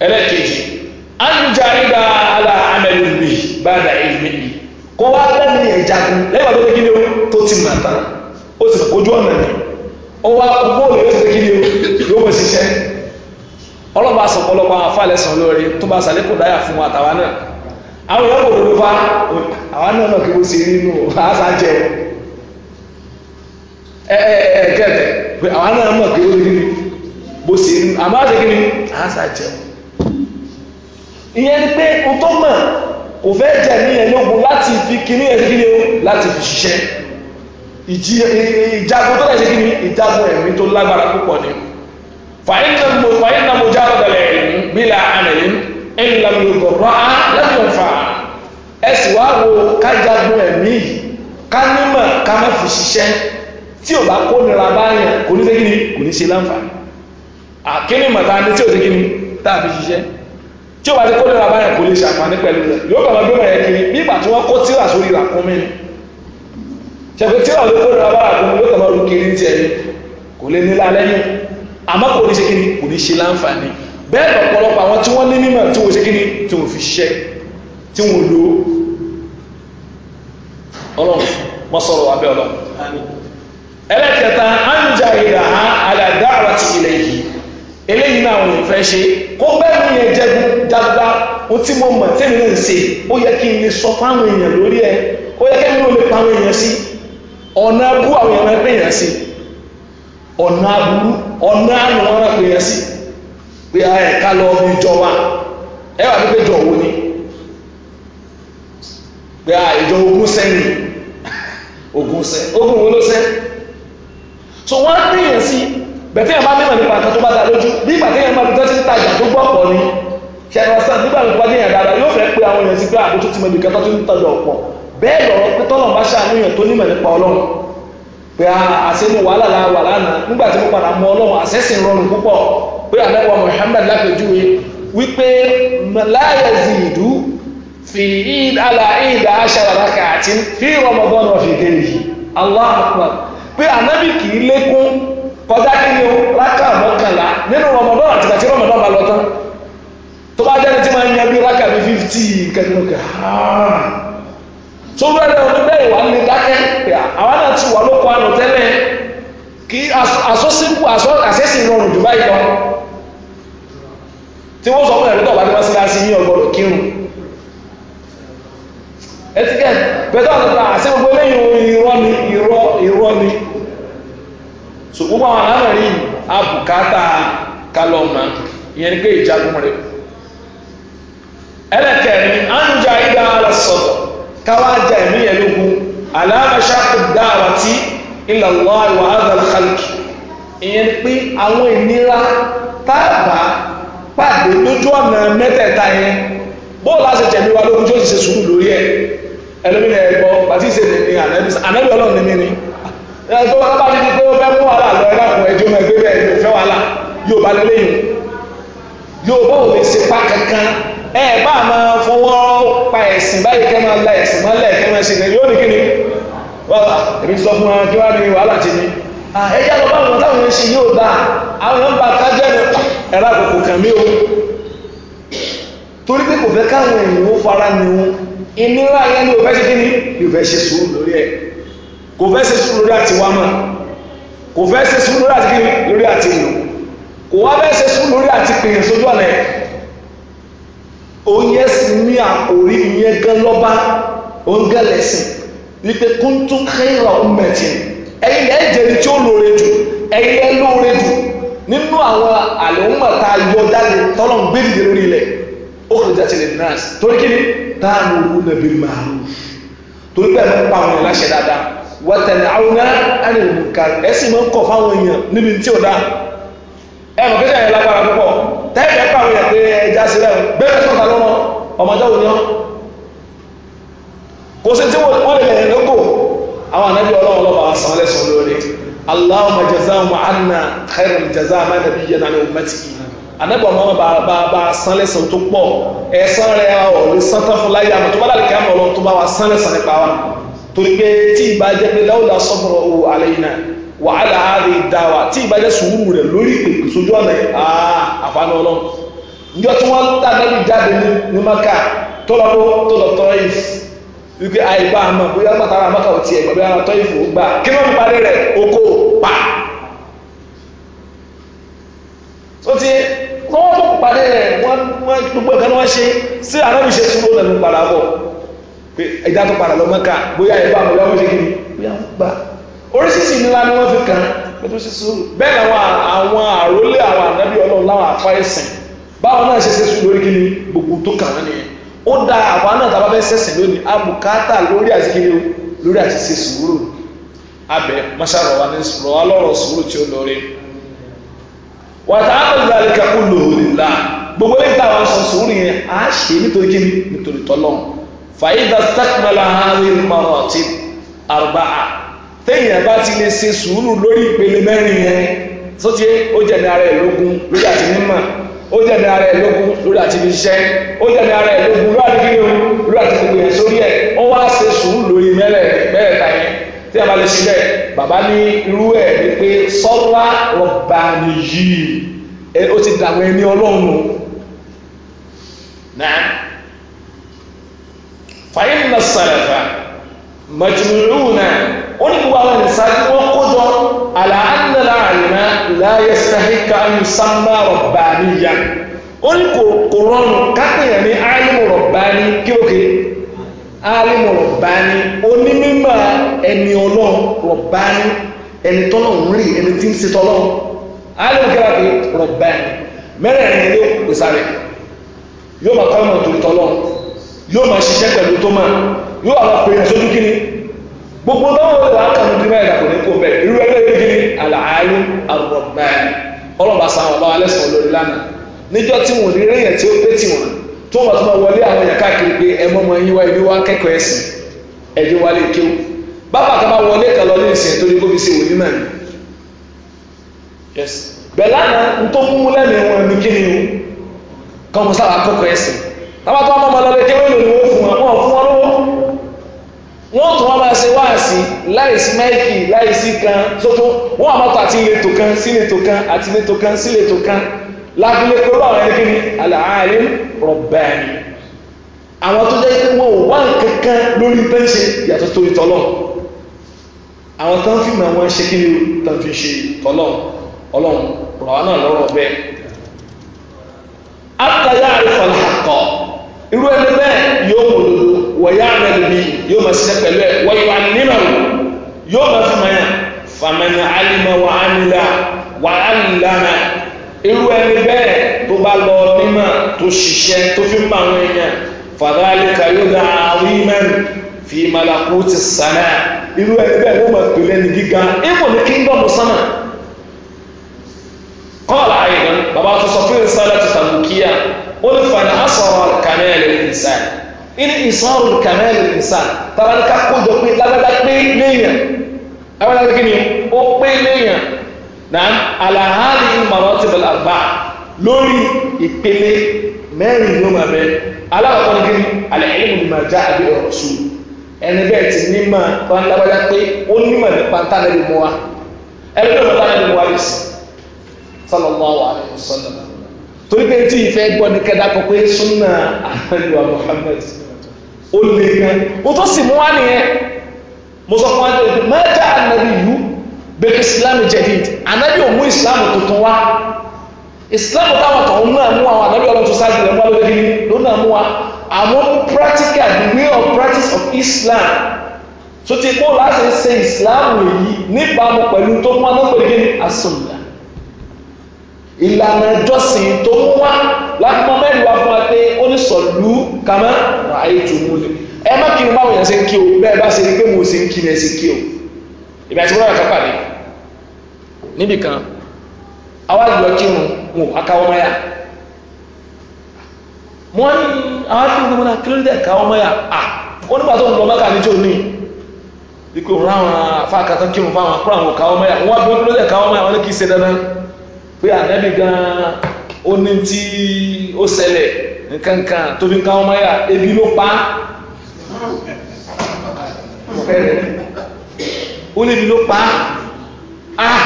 ẹlẹ́kejì anújà ìgbà ala bá dà ìlú mi kó wá lẹ́nu yẹn jagun lẹ́yìn tó o tó ti mà tán ó sì ọ̀nà ó wá bóòlù yóò ti o yóò wọ́n ṣiṣẹ́ ọlọ́ba àwọn lórí tó bá dáyà fún náà àwọn àwọn náà náà kí wọ́n ṣe nínú àṣà jẹ ẹ ẹ ẹ àwọn náà mọ̀ kí wọ́n ṣe nínú bó ṣe ìyẹn ni pé o tó mọ̀ kò fẹ́ jẹ ní ẹ̀lógún láti fi kíní ẹ̀ kíní o láti fi ṣiṣẹ́ ìjagun tó lẹ́sẹ̀ kíní ìjagun ẹ̀mí tó lágbára púpọ̀ ni fàyínà mo já ọ̀dọ̀lẹ̀ bílà àmẹ̀yìn ẹ̀ńlá mi ò gbọ̀ lẹ́tọ̀ọ́ fà ẹ sì wá wo kájagun ẹ̀mí yìí ká nímọ̀ ká má fi ṣiṣẹ́ tí ò bá kó nira báyàn kò ní ṣe kíní kò ní ṣe láǹfààní tí ó bá ti kó lẹ́ra báyẹn kò lè ṣàǹfààní pẹ̀lú rẹ̀ yóò bàbá gbé bẹ̀rẹ̀ kiri bí ìgbà tí wọ́n kó tíra sórí ràkúnmí ni ṣẹ̀fẹ̀ tíra ló kó lẹ́ra báyẹn kúnmí yóò kàn máa ru kiri ti ẹ̀yìn kò lè nílá lẹ́yìn àmọ́ kò ní ṣe kíni kò ní ṣe láǹfààní bẹ́ẹ̀ lọ́pọ̀lọpọ̀ àwọn tí wọ́n ní mímọ̀ tí wọ́n ṣe kíni tí wọ́n fi ṣẹ́ tí wọ́n lò ọlọ́run wọ́n sọ̀rọ̀ abẹ́ ọlọ́run ẹlẹ́kẹta anja eléyìí náà wọ́n fẹ́ ṣe kó bẹ́ẹ̀ yẹn jẹ́gun dágbá ó mọ̀ tẹ́mi náà ṣe ó yẹ kí n lè sọ fáwọn èèyàn lórí ẹ ó yẹ kí n lè pa èèyàn sí ọ̀nà abú àwọn èèyàn pè yàn sí ọ̀nà ọ̀nà pè yàn sí pé ká lọ ọmọ ìjọba ẹ wà pípé jọ ni pé ìjọ ogun sẹ́yìn ogun ogun bẹ̀tẹ̀ yẹn bá mímọ̀ nípa nǹkan tó bá da lójú nígbà téèyàn máa fi tọ́jú níta ìjà tó gbọ́ pọ̀ ni ṣẹlẹ̀sán nígbà tó bá dé yẹn dáadáa yóò fẹ́ pé àwọn èèyàn sí pé àkótó ti mọ ibi kẹta tó ń tọ́jú ọ̀pọ̀ bẹ́ẹ̀ lọ́rọ́ pé tọ́lọ̀ bá ṣàníyàn tó nímọ̀ nípa ọlọ́run pé àṣẹ́nu wàhálà la wà lánàá nígbà tí mo padà mọ ọlọ́run àṣẹ́sìn rọrùn púpọ̀ pé àlẹ́wà Muhammad lápẹjúwe wípé láyẹ̀zì ìdú fi ìdàlà ìdà aṣàràkà àti fi Ramadan wà fi dé yìí Allah akbar pé ànábì kì í lékún kọjá kí ni o rákà mọ́kànlá nínú rọmọdọ́n àtìgbà tí rọmọdọ́n bá lọ tán tó bá jẹ́ni tí máa ń yan bí rákà bí fífítì kẹ́kẹ́kẹ́ ah. tó bẹ́ẹ̀ ní bẹ́ẹ̀ wà ní dákẹ́ àwa náà ti wà lóko àná tẹ́lẹ̀ kí asọ́sínkù àṣẹ́sìn rọrùn jù báyìí lọ tí wọ́n sọ fún ẹ̀rí tọ̀bá ní mọ́síláṣí ní ọgbọ̀rọ̀ kírun etikẹ́ bẹ́tọ̀ àti àṣẹ ah, gbogbo eléyìí irọ́ ni irọ́ irọ́ ni so gbogbo àwọn aláàrí abùkátà kálọ̀mà ìyẹn ní pé ìjagun rẹ̀ ẹlẹ́kẹ̀rin ánújà ìdá ara sọ̀tọ̀ káwá jà ẹ̀mí ẹ̀ lógún aláàbàṣà kò dá àwọn tí ilẹ̀ wà wà ádàlù kálíkì ìyẹn ní pé àwọn ìnira táàbà pàdé lójú ọ̀nà mẹ́tẹ̀ẹ̀ta yẹn bóòlù àti jẹ̀mí wa lógún tí ó sì ṣe sùúrù lórí ẹ̀ ẹlẹ́mìnira ẹ̀gbọ́n bàtí ìṣèlè ní ànábì ọlọ́run ní mí ẹ tó bá bá ní pé ó fẹ́ mú wàhálà lọ ẹlẹ́kùn ẹjọ́ mọ̀ ẹgbẹ́ bẹ́ẹ̀ ló fẹ́ wàhálà yóò bá lélẹ́yìn yóò bá òun ṣe pa kankan ẹ bá máa fọwọ́ pa ẹ̀sìn báyìí kẹ́ máa la ẹ̀sìn mọ́lẹ̀ kẹ́ máa ṣe ní yóò ní kí ni wàhálà èmi sọ fún wọn kí wàá ní wàhálà ti ní. ẹ jẹ́ àwọn báwọn táwọn ń ṣe yóò dáa àwọn ń ba kájẹ́ mi ẹ̀rọ àkókò kàn mí o torí pé kò fẹ́ káwọn èèyàn ó fara nù ìnira yẹn ni ò fẹ́ ṣe kí ni fẹ́ ṣe sùúrù lórí ẹ̀ kò fẹ́ ṣe sùúrù lórí àti wá mọ́ kò fẹ́ ṣe sùúrù lórí àti kíni lórí àti ìlú kò wá fẹ́ ṣe sùúrù lórí àti pèyàn sójú ọ̀nà ẹ̀ òun yẹn sì ní àkórí ìyẹn gan lọ́ba òun gan lẹ́sìn wípé kúntún kẹ́hìnrà ọ̀mẹ̀tì ẹ̀yin ẹ̀ jẹ́ni tí ó lóore jù ẹ̀yin ẹ̀ lóore jù nínú àwọn àlòmọ̀ta yọ tọ́lọ̀ ń gbé dìde lórí ilẹ̀ ó kàn jáde lè nọ́ọ̀sì torí kí ni dáàmú òun nàbí màálù torí bẹ́ẹ̀ ló pa àwọn ẹ̀ dáadáa wọ́tẹ̀lì àwọn ẹnìmùkà ẹ̀sìn máa ń kọ̀ fáwọn èèyàn níbi tí ò dáa ẹ̀rọ kẹta yẹn lágbára púpọ̀ tẹ́ẹ̀fẹ́ pàwọn èèyàn pé ẹja sílẹ̀ bẹ́ẹ̀ tó ta lọ́rọ̀ ọmọdé òní ọ́ kò sí tí wọ́n lè lẹ́yìn lóko àwọn ànábì ọlọ́run lọ́ba àsán lẹ́sùn lórí Allahumma jazahum anna khairal jazaa ma nabiyyana li torí pé tí ìbá jẹ́ pé láwùjọ sọ́kùnrin owó alẹ́ yìí náà wàhálà àárẹ̀ ìdáwà tí ìbá jẹ́ sùúrù rẹ̀ lórí ìpèpè sójú ọ̀nà àfààní ọlọ́run níjọ́ tí wọ́n tà lẹ́yìn jáde ní maka tó lọ bó tó lọ tọ́ ìf wípé àìbá àmọ́ bóyá pàtàkì àmọ́kà ò tiẹ̀ gbàgbé ara tọ́ ìfò gbà kí wọ́n parí rẹ̀ oko pa tó ti wọ́n tó parí rẹ̀ wọ́n gbogbo ẹ̀ka wọ́n ṣe sí àrẹ́bìṣe pé ẹja tó padà lọ mọ́ka bóyá ẹ bá bóyá wọ́n ṣe kí ni bóyá wọ́n gbà oríṣiríṣi ńlá ni wọ́n fi kàn pé tó ṣe sùúrù bẹ́ẹ̀ làwọn àwọn àrólé àwọn ànábì ọlọ́run láwọn àfa ẹ̀sìn báwọn náà ṣe ṣe sùúrù lórí kí ni gbogbo tó kàn wọ́n nìyẹn ó da àwa náà tá a bá fẹ́ ṣẹ̀sìn lónìí àbùkátà lórí àti kí ni o lórí àti ṣe sùúrù abẹ mọ́ṣáàrọ̀ wa ní sùúrù wa lọ́rọ̀ sùúrù tí ó lórí wàtá àbẹ̀dàlẹ̀ kakú lòlìlá gbogbo ẹ̀ta àwọn sọ sùúrù yẹn à á ṣe nítorí kí ni nítorí tọ́lọ́run fàyídà stakmala hamil maroti ti lè ṣe sùúrù lórí ìpele mẹ́rin yẹn sóti ó jẹ́ ara ẹ̀ lógún lórí àti ó ara ẹ̀ lógún lórí àti iṣẹ́ ó ara ẹ̀ lógún lórí àti kíni lórí àti gbogbo yẹn sórí ẹ̀ ó wá ṣe sùúrù lórí ta yẹn tí a bá lè ṣe ni pé sọ́lá rọ̀bà nìyí ó ti dàgbẹ́ ní fàyín na sàlẹ̀fà màjìmìlúùnà ó ní gbogbo àwọn ìsá tí wọ́n kó jọ àlàáńdàlà àyìnà láyé sàhíkà ayù sàmbà rọ̀bàníyà ó ní kò rọrùn kápẹ̀yà ní áyìmù rọ̀bàní kíókè áyìmù rọ̀bàní onímọ̀ ẹni ọlọ́run rọ̀bàní ẹni tọ́lọ́run rí ẹni tí ń ṣe tọ́lọ́run áyìmù kíláàkì rọ̀bàní ló pèsè rẹ̀ yóò máa kọ́ ìmọ̀ tòlítọ́lọ́run yóò máa ṣiṣẹ́ pẹ̀lú tó máa yóò àwọn pèèyàn sójú kíní gbogbo báwọn ọ̀rọ̀ àkànú kí ní irú ẹgbẹ́ àlàáyé ọlọ́ba sáwọn ọba alẹ́sàn olórí lánàá níjọ́ tí rí tí ó wọlé àwọn èèyàn káàkiri pé ẹ mọ́ ọmọ yín wá ibi wá kẹ́kọ̀ọ́ ẹ̀sìn wọlé kan lọ ní ìsìn tó ní kó fi ṣe náà tó mú lẹ́nu bàbá tó wọ́n mọ́ lọ lè kéwé lò ní wọ́n fún wọn wọ́n fún wọn lówó wọ́n tún wọ́n máa ṣe wáàsí láìsí máìkì láìsí kan tótó wọ́n àmọ́ tó àti ìletò kan sí ìletò kan àti ìletò kan sí ìletò kan lábílé pé báwọn ẹni kíni àlàáyé rọ̀bẹ̀ni àwọn tó jẹ́ pé wọ́n ò wá nǹkan kan lórí pẹ́ńṣe yàtọ̀ torí tọ́lọ̀ àwọn tán fi máa wọ́n ṣe kí ni tán fi ṣe tọ́lọ̀ ọlọ́run rọ̀ wá náà lọ́rọ̀ bẹ́ẹ̀. àtàyà àrífọ̀ làkọ̀ọ́ irú ẹni bẹ́ẹ̀ yóò mú dodo wọ̀yá ànàbìbí yóò máa ṣiṣẹ́ pẹ̀lú ẹ̀ wọ̀yọ̀ ànímàwò yóò máa fi máa fàmẹ́nà alima wà á nílà wà á nílànà irú ẹni bẹ́ẹ̀ tó bá lọ mímọ̀ tó ṣiṣẹ́ tó fi mọ àwọn èèyàn fàdálíkà yóò dá àwọn ìmẹ́rin fi malaku ti sànà irú ẹni bẹ́ẹ̀ ló máa pè lẹ́ni gíga ìmọ̀ ní kíngdọ̀mù sánà kọ́ọ̀lá àyẹ̀dán bàbá tó قل فانحصر كمال الإنسان إن إنصار كمال الإنسان طبعا كاكو جو بي لا لا بي ليا أولا لكني أو بي ليا نعم على هذه المراتب الأربعة lórí ìpele mẹ́rin ló máa bẹ alákọ̀ọ́kọ́ ní kíni àlẹ́yìn ni máa já àbí ọ̀rọ̀ sùn ẹni bẹ́ẹ̀ ti ní máa bá ń lábájá pé ó ní mà ní pátá lẹ́nu mọ́ wa ẹni bẹ́ẹ̀ mọ́ pátá lẹ́nu mọ́ wa yìí sí sallallahu alaihi wasallam torí pé tí ìfẹ́ gbọ́ ní kẹ́dá kọ pé súnà àlùwà Muhammad ó lè gan mo tó sì mú wá nìyẹn mo sọ fún wa ní mẹ́ta ànábì yú bẹ́ẹ̀ islam jadid ànábì ò mú islam tuntun wá islam táwọn tọ̀hún náà mú àwọn ànábì ọlọ́tún sáájú rẹ̀ mú wa lórí ló náà mú wa àwọn practical the way of practice of Islam tó ti kó láti ṣe islam èyí níbàámu pẹ̀lú tó mú anápẹ̀lẹ́ àsùnlá ìlànà ìjọsìn tó mú wá láti mẹ́rin wá fún wa pé ó ní sọ̀lú kàmá ràáyé tó mú lẹ̀ ẹ má kí n báwọn èèyàn ṣe ń kí o bẹ́ẹ̀ bá ṣe ni pé mo ṣe ń kí ni ẹ ṣe kí o ìgbà tí wọ́n rà kápá ni níbì kan àwa yọ kírun wò akáwọ́ mọ́ mo wá ní àwọn akérò náà kí ló dé káwọ́ mọ́ à ó nígbà tó ń lọ mẹ́ka ní ní ikú òun ráwọn afáàkàtà kírun fáwọn akúrò àwọn káwọ́ mọ́ yá wọ́n bí wọ́n kí ló dé káwọ́ mọ́ wọ́n ní kí í ṣe dandan pé ànábì gan-an ó ní tí ó ṣẹlẹ̀ nǹkankan tóbi nǹkan ọmọ yà ebi ló pa ó lébi ló pa á ah!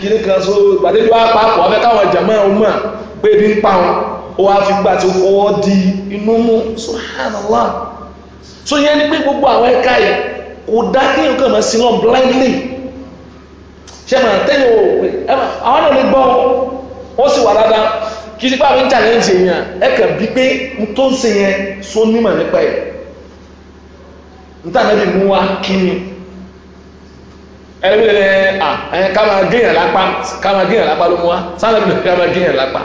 kìnnì kan so gbàdébí wa pa pọ̀ abẹ́ káwọn jàmọ́ ẹ̀ ọmọ pé ebi ń pa wọn ó wá fi gbà tí ó fọwọ́ di inú mú subhanallah so yẹn ni pé gbogbo àwọn ẹ̀ka yìí kò dá kéèyàn kàn mọ́ sí lọ blindly. ṣẹ́mà tẹ́yìn o àwọn náà lè gbọ́ wọ́n sì wà dáadáa kì í sí pàmí ń challenge èèyàn ẹ̀kà bí pé n tó ń ṣe yẹn só nímọ̀ nípa ẹ̀ nítànẹ́bì mú wá kí ni ẹ̀rẹ́bí lẹ́lẹ́ ẹ̀yẹn ká máa gẹ́yàn lápá ká máa gẹ́yàn lápá ló mú wá sálẹ̀bì lẹ́lẹ́ ká máa gẹ́yàn lápá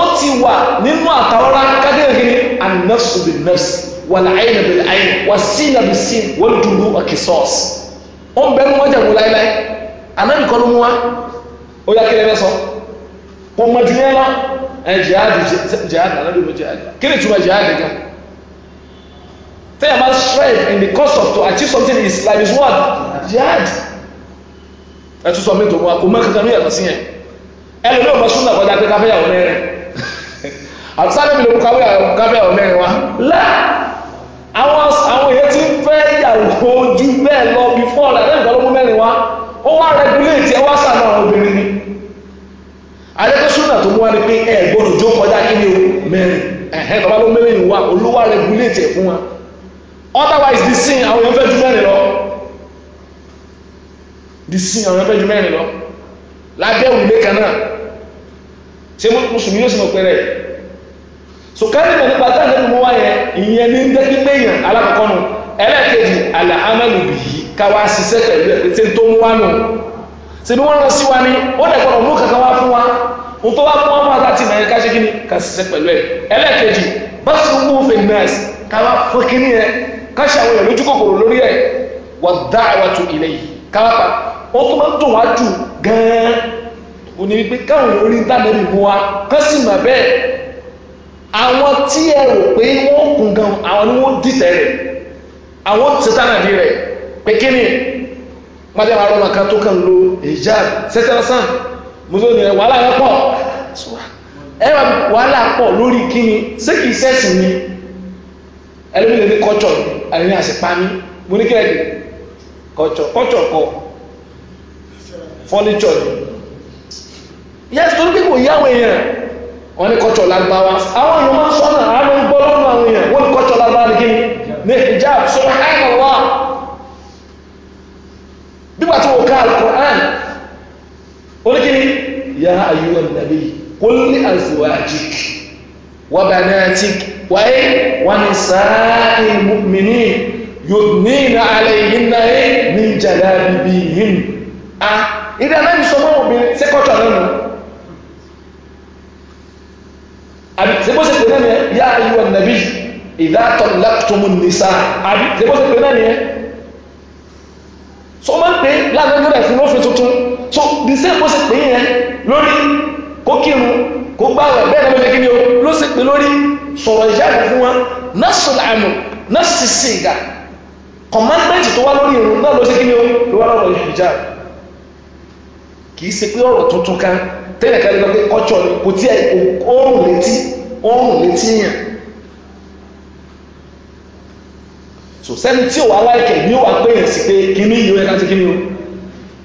ó ti wà nínú àtàwọ́rá kágẹ́gẹ́ ní an-nafsu bin-nafs wal-'aynu bil-'ayn was-sinu bis-sin wal-juruhu ó ń bẹ́nu wọ́n jẹ̀mú láíláí anábì kọ́ ló mú wá ó yá kílẹ̀ mẹ́sàn kò mọ̀ jù yẹn lọ ẹ jihadi jihadi anábì mú jihadi kí ni jihadi gan tẹ́yà máa strive in the course of to achieve something is like is what jihadi ẹ tún sọ mí tó mú wa kò mọ̀ kankan ní yàtọ̀ sí yẹn ẹ lè ní ọmọ súnà kọjá pé káfíyàwó mẹ́rin àti sáré mi lè mú káfíyàwó mẹ́rin wa láà àwọn àwọn èyí tí ń fẹ́ ìyàwó ojú bẹ́ẹ̀ lọ bí fọ́ọ̀lù àti ẹ̀kọ́ lọ́mú mẹ́rin wá ó wá rẹgúléètì ẹ wá sànà àwọn obìnrin ni adẹ́kọ́ súnà tó mú wá ní pé ẹ gbọ́dọ̀ jó kọjá kí ni o mẹ́rin ẹ̀hẹ́ bàbá ló mẹ́rin wá olúwa rẹgúléètì ẹ̀ otherwise the sin àwọn èèyàn fẹ́ ju mẹ́rin lọ the sin àwọn èèyàn fẹ́ ju mẹ́rin lọ lábẹ́ òrùlé kan náà ṣé mùsùlùmí yóò sì mọ̀ pẹ́rẹ́ sùkárì mọ̀ nípa tá àlẹ́ mú wáyẹ ìyẹn ní dẹ́kí péyàn alákọ̀ọ́kọ́ nù ẹlẹ́ẹ̀kejì àlà amẹ́lù bìyí káwá ṣiṣẹ́ pẹ̀lú ẹ̀ pété tó mú wá nù ṣe bí wọ́n rán sí wa ni ó dẹ̀kọ̀rọ̀ mú kankan wá fún wa n tó wá fún wa fún wa láti mẹ́rin ká ṣe kí ni ká ṣiṣẹ́ pẹ̀lú ẹ̀ ẹlẹ́ẹ̀kejì bọ́sù wú fẹ̀ nẹ́ẹ̀sì àwọn tí ẹ rò pé wọ́n kún gan àwọn ni wọ́n dìtẹ̀ rẹ̀ àwọn sẹ́tànàdì rẹ̀ pé kí ni pàdé àwọn ọmọ kan tó kàn lo hijab sẹ́tẹ̀lẹ́sàn mùsùlùmí rẹ̀ wàhálà rẹ̀ pọ̀ ẹwà wàhálà pọ̀ lórí kí ni ṣé kìí sẹ́sìn ni ẹlẹ́mìlẹ́ ní kọ́tsọ̀ àríyìn àsìpámi mo ní kí ẹ̀dì kọ́tsọ̀ kọ́tsọ̀ kọ́ fọ́nìtsọ̀ ni yẹ́sì tó ń bí wọ́n ní kọ́tọ̀ lágbáwá àwọn èèyàn máa ń sọ́nà àwọn gbọ́ lọ́nà àwọn èèyàn wọ́n ní kọ́tọ̀ lágbáwá nìkí ní hijab subhanallah bígbà tí wọ́n ká al-Qur'an oníkiri ya ayyuhan nabi qul li azwajik wa àbí ṣe bó ṣe pè náà nìyẹn yá ayúwa nàbí ìdátọ̀ láptọ̀mù nìsa àbí ṣe bó ṣe pè náà nìyẹn so máa ń pè láàrin ọjọ́ ìfún lófin tuntun so the same bó ṣe pè yẹn lórí kó kírun kó gbáwẹ̀ bẹ́ẹ̀ náà bẹ́ẹ̀ kí ni o ló ṣe pè lórí sọ̀rọ̀ ìyáàbò fún wa nọ́ọ̀sì àmù nọ́ọ̀sì sí ìgà commandment tó wá lórí ìrun náà ló ṣe kí ni o ló wá lọ́rọ̀ ìhìjáàbù kìí ṣe pé ọ̀rọ̀ tuntun kan tẹ́lẹ̀ kan lè lọ pé kọ́tsọ̀ ni kò tí òórùn létí òórùn létí yàn so sẹ́ni tí ò wá láìkẹ̀ ni ó wà pé yẹn sí pé kíní yìí ó yẹ ká ṣe kíní o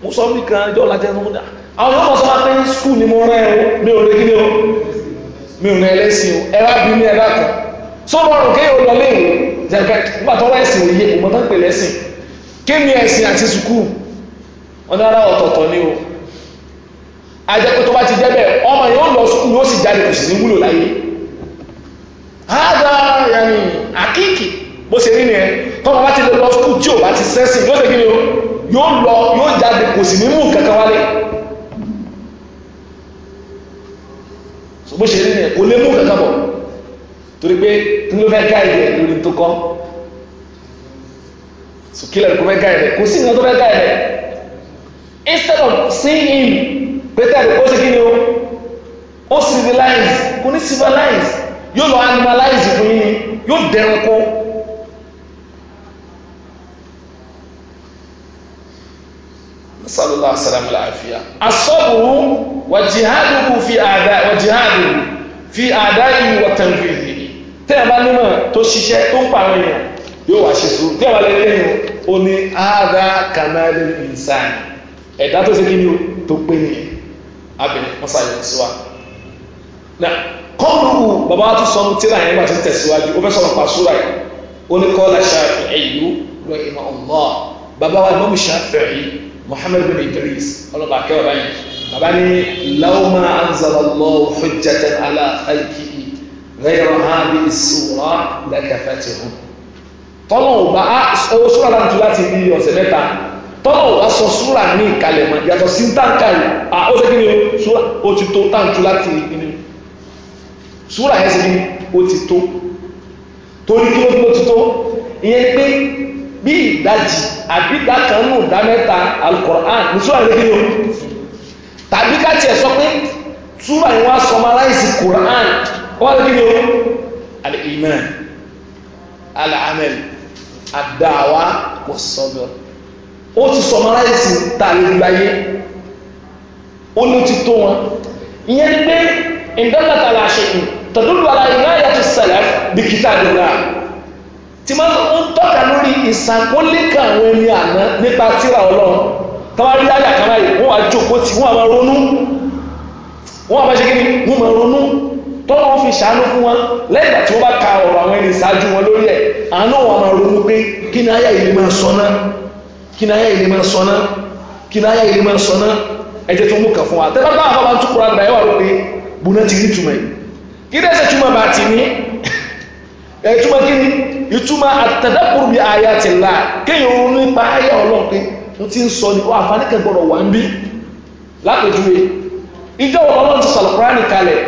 mo sọ mí kan ẹjọ́ lajẹ́ ẹnu múdà àwọn yóò sọ wá pé skul ni mo rẹ́ o mi ò rẹ́ kíní o mi ò rẹ́ ẹlẹ́sìn o ẹ bí mi ẹ bá kàn so mọ̀rùn kéèyàn lọ léèrè jẹ́kẹ́ nígbà tó ẹ̀sìn òye kò mọ̀ tán pè lẹ́sìn kí ni ẹ̀sìn àti skul ọ̀nà ara ọ̀tọ̀ọ̀tọ̀ ni o ajẹ́pẹ́ tó bá ti jẹ́ ọmọ yóò lọ sùkúlù ó sì jáde kò sì ní wúlò láyé hádà yàní àkíkì bó ṣe rí nìyẹn tọ́mọ bá ti lọ sùkúlù tí ò bá ti sẹ́sìn yóò ṣe ni o yóò lọ yóò jáde kò sì ní mú kankan wálé bó ṣe rí nìyẹn kò lè mú kankan bọ̀ torí pé kí ló fẹ́ ká ìdè lórí tó kọ́ so kí fẹ́ ká ìdè kò sí ìyẹn tó fẹ́ ká ìdè instead of seeing him Peter ó ṣe ni o ó civilize kò ní civilize yóò lọ animalize fún yín ni yóò dẹranko sallallahu alaihi wasallam laafiya asaburu wa jihaduhu fi ada wa jihaduhu fi adai wa tanfihi tẹ́ bá ni mo tó ṣiṣẹ́ tó pa àwọn èyàn yóò wá ṣe sùúrù tẹ́ bá le leyin ó ní ada kamalul insan ẹ̀dá tó ṣe ni o tó pé ni abẹnẹ wọn sàyẹ tẹsíwá na kọ́ọ̀lù bàbá wa tún sọ ọmọ tíra yẹn bá ti tẹ̀síwájú ó fẹ́ sọ̀rọ̀ pàṣúra yìí ó ní kọ́ọ̀lù Shafi'i lọ ìmọ̀ ọ̀lọ́ bàbá wa Imam Shafi'i Muhammad bin Idris ọlọ́ba akẹ́wà báyìí bàbá ní law ma anzala Allahu hujjatan ala khalqihi ghayra hadhihi as-sura lakafatuhum tọ́lọ̀ ọba ó sọ́ra láti bí ọ̀sẹ̀ mẹ́ta tọ́lọ̀ wá sọ súrà ní ìkàlẹ̀ mọ̀ yàtọ̀ sí táǹkà yìí à ó ṣe kí ni súrà ó ti tó táǹtù láti ìpinnu súrà yẹn ṣe ni ó ti tó torí kí ló fi ó ti tó ìyẹn pé bí ìdajì àbí ìdákanú ìdámẹ́ta alukoran ní súrà yẹn kí ni o tàbí ká tiẹ̀ sọ pé súrà yẹn wá sọmaláìsì koran ó wá ṣe kí ni o al-iman al-amal ad-da'wa was-sabr ó ti sọmọláìsì tààrí gbáyé ó ní ó ti tó wọn ìyẹn ni pé ìdọ́kàtà làṣẹ yìí tọ̀dúlù ara ìráyà ti sẹ̀lẹ̀ bí kìtà dùnà tí máa ń tọ́ka lórí ìsàkólé kan àwọn ẹni àná nípa tíra ọlọ́run tọ́wárí ayà kan báyìí wọ́n wá jókòó tí wọ́n máa ronú wọ́n wá máa ṣe kíni wọ́n máa ronú tọ́nà wọn fi ṣàánú fún wọn lẹ́yìn tí wọ́n bá ka ọ̀rọ̀ àwọn ẹni ìṣáájú wọn lórí ẹ̀ àánú wọn máa ronú pé kí ni ayà yìí máa sọ náà kí náà yẹ́ ilé máa sọ náà kí náà yẹ́ ilé máa sọ náà ẹjẹ́ tó mú kà fún wa tẹ́lá bá àwọn bá ń tún kúrò àgbà ẹwà rò pé bùnà ti rí túmọ̀ yìí kí náà ṣe túmọ̀ bá ti ní ẹ̀túmọ̀ kí ni ìtúmọ̀ àtẹ̀dẹ́kùrù bí aya ti là kéèyàn ronú nípa aya ọlọ́run pé mo ti ń sọ ni ó àǹfààní kẹgbọ́dọ̀ wà ń bí lápèjúwe ìjọ ọlọ́run ti sàlùkùránì kalẹ̀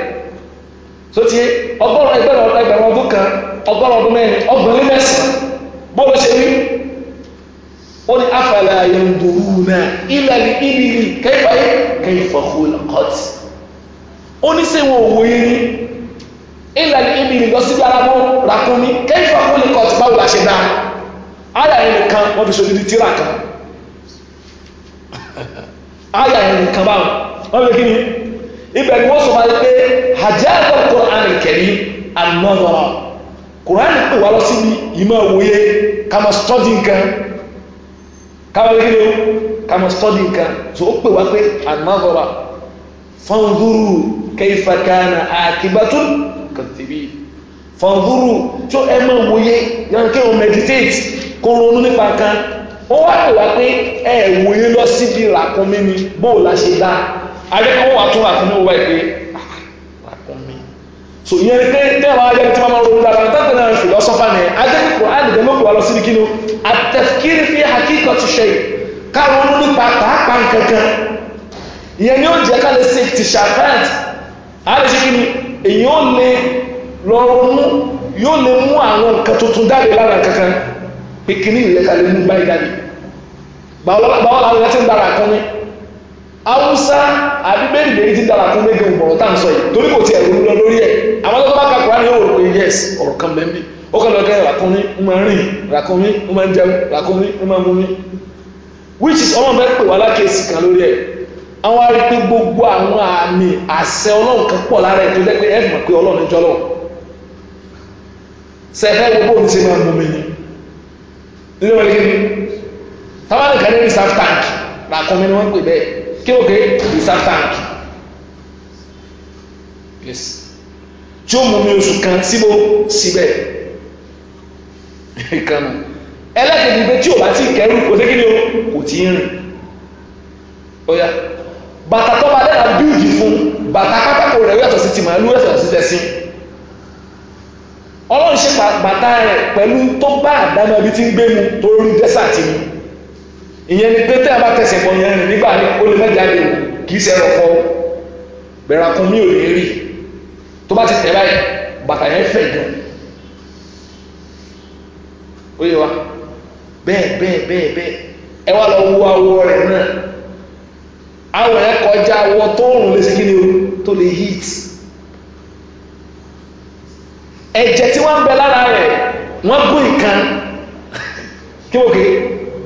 tó ti ọgọ́rùn-ún ẹgbẹ̀rún ọdún kan ó ní afala yanduruna ila li ibili kayfa kayfa khulqat ó ní ṣé wọn ò wo irin ila li ibili lọ síbi aramọ́ ràkúnmí kayfa khulqat báwo la ṣe dá ayà yẹn nìkan wọ́n fi sojúdi tíra kan ayà yẹn nìkan báwọn wọ́n fi kí ni ibẹ̀ ni wọ́n sọ máa pé hajjata Qur'an al-Karim an-nazara Qur'an pè wá lọ síbi ìmọ̀ òwòye kama study nǹkan káwọn kí ló káwọn stọ́dì nǹkan so ó pè wá pé ànàmọ́ra fọ́nrúurú kẹfàkánà àkìbátún kàtìbí fọ́nrúurú tó ẹ máa wòye yàn kí wọn meditate kó ronú nípa kan ó wá pè wá pé ẹ wòye lọ síbi ràkúnmí ni bóòlà ṣe dá adékọ̀wọ́ wà tún ràkúnmí wọ ẹ pé so ìyẹn ni pé tẹ́wàá ayé tí wọ́n ronú dára tẹ́tẹ́ náà fìlọ́sọ́fà ni adẹ́kùnkùn àdìdẹ́mọ́kùn wa lọ sí kíni àtẹ̀kírí fi hakíkọ̀ ti ṣe káwọn ronú nípa pàápàá nkankan ìyẹn ni ó jẹ́ ká lè ṣe tìṣàfẹ́ǹt àdìsí kíni èyí ó lè lọ ronú yóò lè mú àwọn nǹkan tuntun dáre lára kankan pé kíní ìrẹ́ka lè mú báyìí dáre báwo làwọn ẹ̀ ti ń dára kan ní haúsá àbí bẹ́ẹ̀ lè ti dára fún méje ògbọ̀rọ̀ tá à ń sọ yìí torí kò tiẹ̀ ronú lọ lórí ẹ̀ àwọn tó bá ka kúránì yóò rò pé ọ̀rọ̀ kan bẹ́ẹ̀ bí ó kàn lọ́ọ́ kẹ́ ń máa rìn ràkúnmí ń máa jẹun ràkúnmí ń máa múmi which is ọlọ́run fẹ́ pè wá lákèésí kan lórí ẹ̀ àwọn arígbé gbogbo àwọn àmì àṣẹ ọlọ́run kan pọ̀ lára ẹ̀ tó jẹ́ pé ẹ̀ mọ̀ pé ọlọ́run jọ́ sẹ́fẹ́ gbogbo kilo ke reserve tank yes tí ó mú mi oṣù kan síbò síbẹ̀ ìkànnì ẹlẹ́kẹ̀ẹ́dì pé tí ò bá ti kẹrù kò sí kíni o kò tí ń rìn ọ̀yà bàtà tó bá dẹ́ra bíúdì fún bàtà kápákò rẹ̀ yàtọ̀ sí ti màálù yàtọ̀ sí tẹ̀sìn ọlọ́run ṣe bàtà rẹ̀ pẹ̀lú tó bá àdámọ́ ibi tí ń gbé mu torí dẹ́sà ti mu. ìyẹn ni pé tẹ́ẹ̀ bá pọ̀ yẹn rìn nígbà ní kì í ò ní rí tó bá ti tẹ̀ báyìí bàtà yẹn fẹ̀ gan ó yẹ wa bẹ́ẹ̀ bẹ́ẹ̀ bẹ́ẹ̀ bẹ́ẹ̀ ẹ wá lọ wo awọ rẹ̀ náà kọjá awọ tó rùn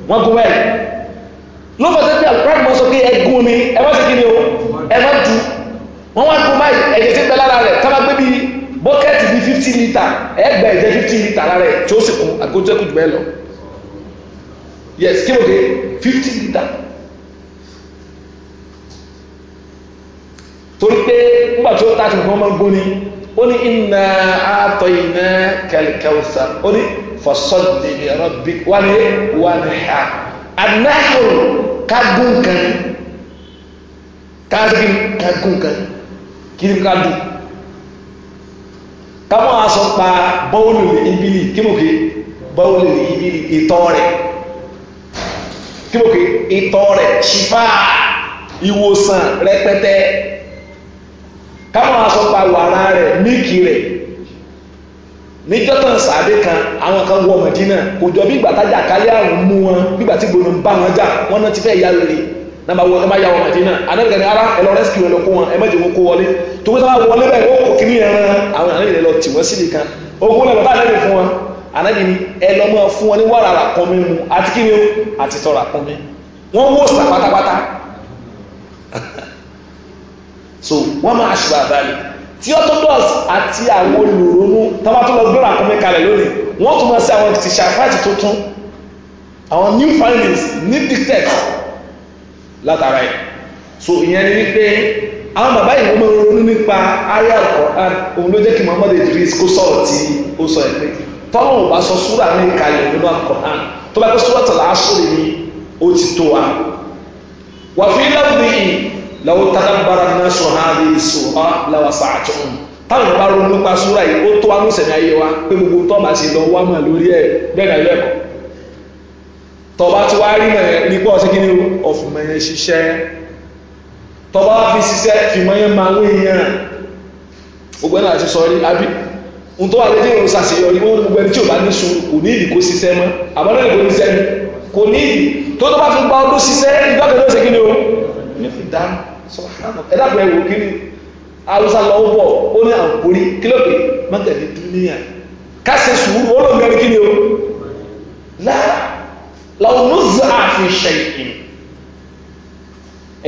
wọ́n gún bẹ́ẹ̀ ló fọ́ sí pé àlùkùránì mọ́ sọ pé ẹgún mi ẹ má ṣe kí ni o ẹ má ju wọ́n wá gún báyìí ẹ̀jẹ̀ tí ń bẹ lára rẹ̀ tá bá gbé bí bọ́kẹ́tì bí fifty litre ẹgbẹ́ ẹ̀jẹ̀ fifty litre lára rẹ̀ tí ó sì kún àgójọ́ kù jù bẹ́ẹ̀ lọ yes kí ló dé fifty litre torí pé nígbà tí ó tá a ti gbọ́n máa ń gbóni ó ní inna a'tayna kal kawthar fasalli li rabbik wani wanha Ha, kagun kan kagin kagun kan kiri kadu kámọ́ aṣọ pa bọ́ọ̀lù ìbílì kímòkè bọ́ọ̀lù ìbílì ìtọ̀ rẹ̀ kímòkè ìtọ̀ rẹ̀ ṣífà ìwòsàn rẹpẹtẹ kámọ́ aṣọ pa wàrà rẹ̀ mílìkì rẹ̀ níjọ́tàn sàádé kan àwọn kan wọ mọ̀dínà kò jọ bí ìgbà tájà káyé àrùn mú wọn nígbà tí gbòòrò ń bá wọn jà wọn náà ti fẹ́ ya lórí nàbà wọn nàbà ya wọn mọ̀dínà anábìkà ni ara ẹ lọ rẹ́sìkì wọn lọ kó wọn ẹ mọ̀jẹ̀ wọn kó wọlé tó kó sábà wọlé bẹ́ẹ̀ ó kò kíní ẹran àwọn anábìkà lọ tì wọ́n sí nìkan ogun lọ bàbá anábì fún wọn anábì ni ẹ lọ mọ fún wọn ní wàrà àkànmí o àti tọrọ àkànmí wọn so wọn máa ṣùgbọ́n àbálẹ̀ theotokos àti àwọn olùrònú tọ́mátọ́lọ́ gbéra kọ́mí kalẹ̀ lónìí wọ́n tún máa sí àwọn tìṣàfáàtì tuntun àwọn new findings new dictates látara ẹ̀ so ìyẹn ni wípé àwọn bàbá yìí wọ́n máa ronú nípa aya Al-Qur'an òun ló jẹ́ kí Muhammad Idris kó sọ̀rọ̀ tí ó sọ ẹ̀ pé tọ́lọ́ ò bá sọ súrà ní ìkàlẹ̀ nínú Al-Qur'an tó bá pẹ́ suratul Asr ni ó ti tó wa wà fún ilé ọ̀gbìn yìí lọ́wọ́ tàbára náà ṣọ̀hárí ìṣòhá láwàsá àtúnhùn táwọn bá ronú pa súra yìí ó tó amúsẹ̀mí ayé wa pé gbogbo tó bá ṣe lọ wá mà lórí ẹ̀ bẹ́ẹ̀ náà lẹ́kọ̀ọ́ tọba tí wàá rí mẹ̀yẹn ní pọ̀ sí kíni ọ̀fùnmọ̀ yẹn ṣiṣẹ́ tọba fi ṣiṣẹ́ fìmọ̀ yẹn máa wé yẹn gbogbo náà ti sọ rí àbí ohun tó wà lédè ìròyìn ṣàṣeyọrí ó gbogbo ẹni tí ò bá ní sun kò ní ìdí ṣiṣẹ́ mọ́ àbọ̀dọ̀ ìgbóni sẹ́ni kò ní ìdí tó tó bá fi gba ọdún ṣiṣẹ́ ìgbàgbọ́ fi dáná sọ̀rọ̀ ẹ dàgbà ẹ̀wò kí ni awusa lọ wọ ó ní àǹkórí kílọ̀pì mọ́tàlí dúníà kásẹ̀ sùúrù ó lọ́gbẹ̀rì kí ni o lára làwọn nùzà fi ṣe ìkìnnì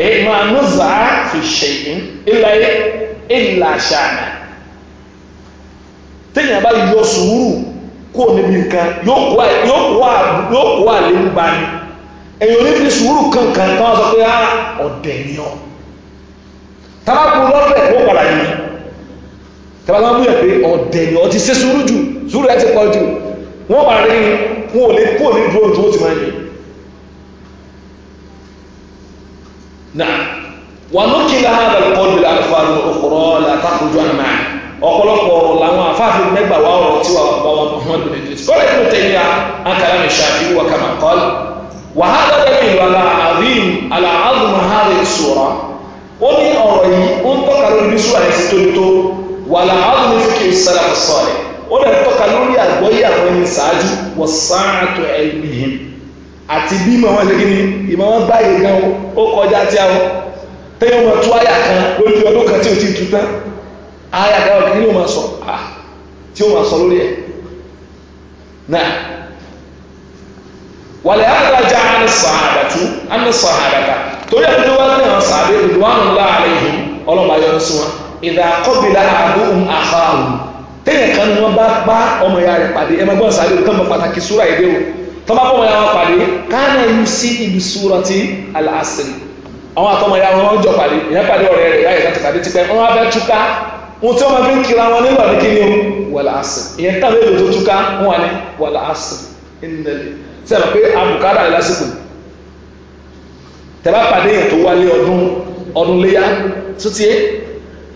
ẹ̀ máa nùzà fi ṣe ìkìnnì ilà ilà ṣàánà téèyàn bá yọ sùúrù kó níbi nǹkan yóò kó àlébù bá ní. èyàn ní sùúrù kankan tó wọ́n sọ pé á ah, ọ̀dẹ̀ ni ọ tábàkù lọ́fẹ̀ wọ́n padà yìí tábàkù wọ́n ti ṣe sùúrù jù sùúrù ẹ ti pọ̀ jù wọ́n padà wọn ò lè na wà lókè àmà ọ̀pọ̀lọpọ̀ làwọn وهذا دليل على عظيم على عظم هذه السورة ومن أرأي أنتقى لوري سورة يستلتو وعلى عظم فكر السلف الصالح أنتقى لوري أبوي أبوي سعدي والساعة علمهم àti bí ìmọ̀ wọn ṣe kí ni ìmọ̀ wọn báyìí gan ó kọjá tí a wọn tẹ́yìn wọn tú àyà kan lójú ọdún kan tí ò ti tú tán àyà kan kí ni ó máa sọ tí ó máa sọ lórí ẹ̀ náà wàlẹ̀ àgbàjá àni sàádàtú àni sàádàtà torí ẹni tó wá ní àwọn sàádé ìlú àná ńlá àlẹ́ yìí ọlọ́mọ ayọ́ ń súnmọ́ ìdá kọ́bìlà àbúhùn àhàrù téèyàn kan ni wọ́n bá bá ọmọ ìyá rẹ̀ pàdé ẹ máa gbọ́n sàádé nǹkan mọ pàtàkì súra ìdé o tó bá bọ́mọ wọn pàdé káàná yìí sí ibi súra ti àlàásìrì àwọn àtọmọ ìyá wọn jọ pàdé ìyẹn pàdé ọ̀rẹ́ rẹ̀ ìyá ìyá ti pàdé wọn wá fẹ́ wọn tí wọn fi ń kira wọn nígbà ní kíni o wàlàásìrì ìyẹn sẹ́nà pé abùkádà rẹ̀ lásìkò tẹ̀bá pàdé èèyàn tó wálé ọdún ọdún léyá tútí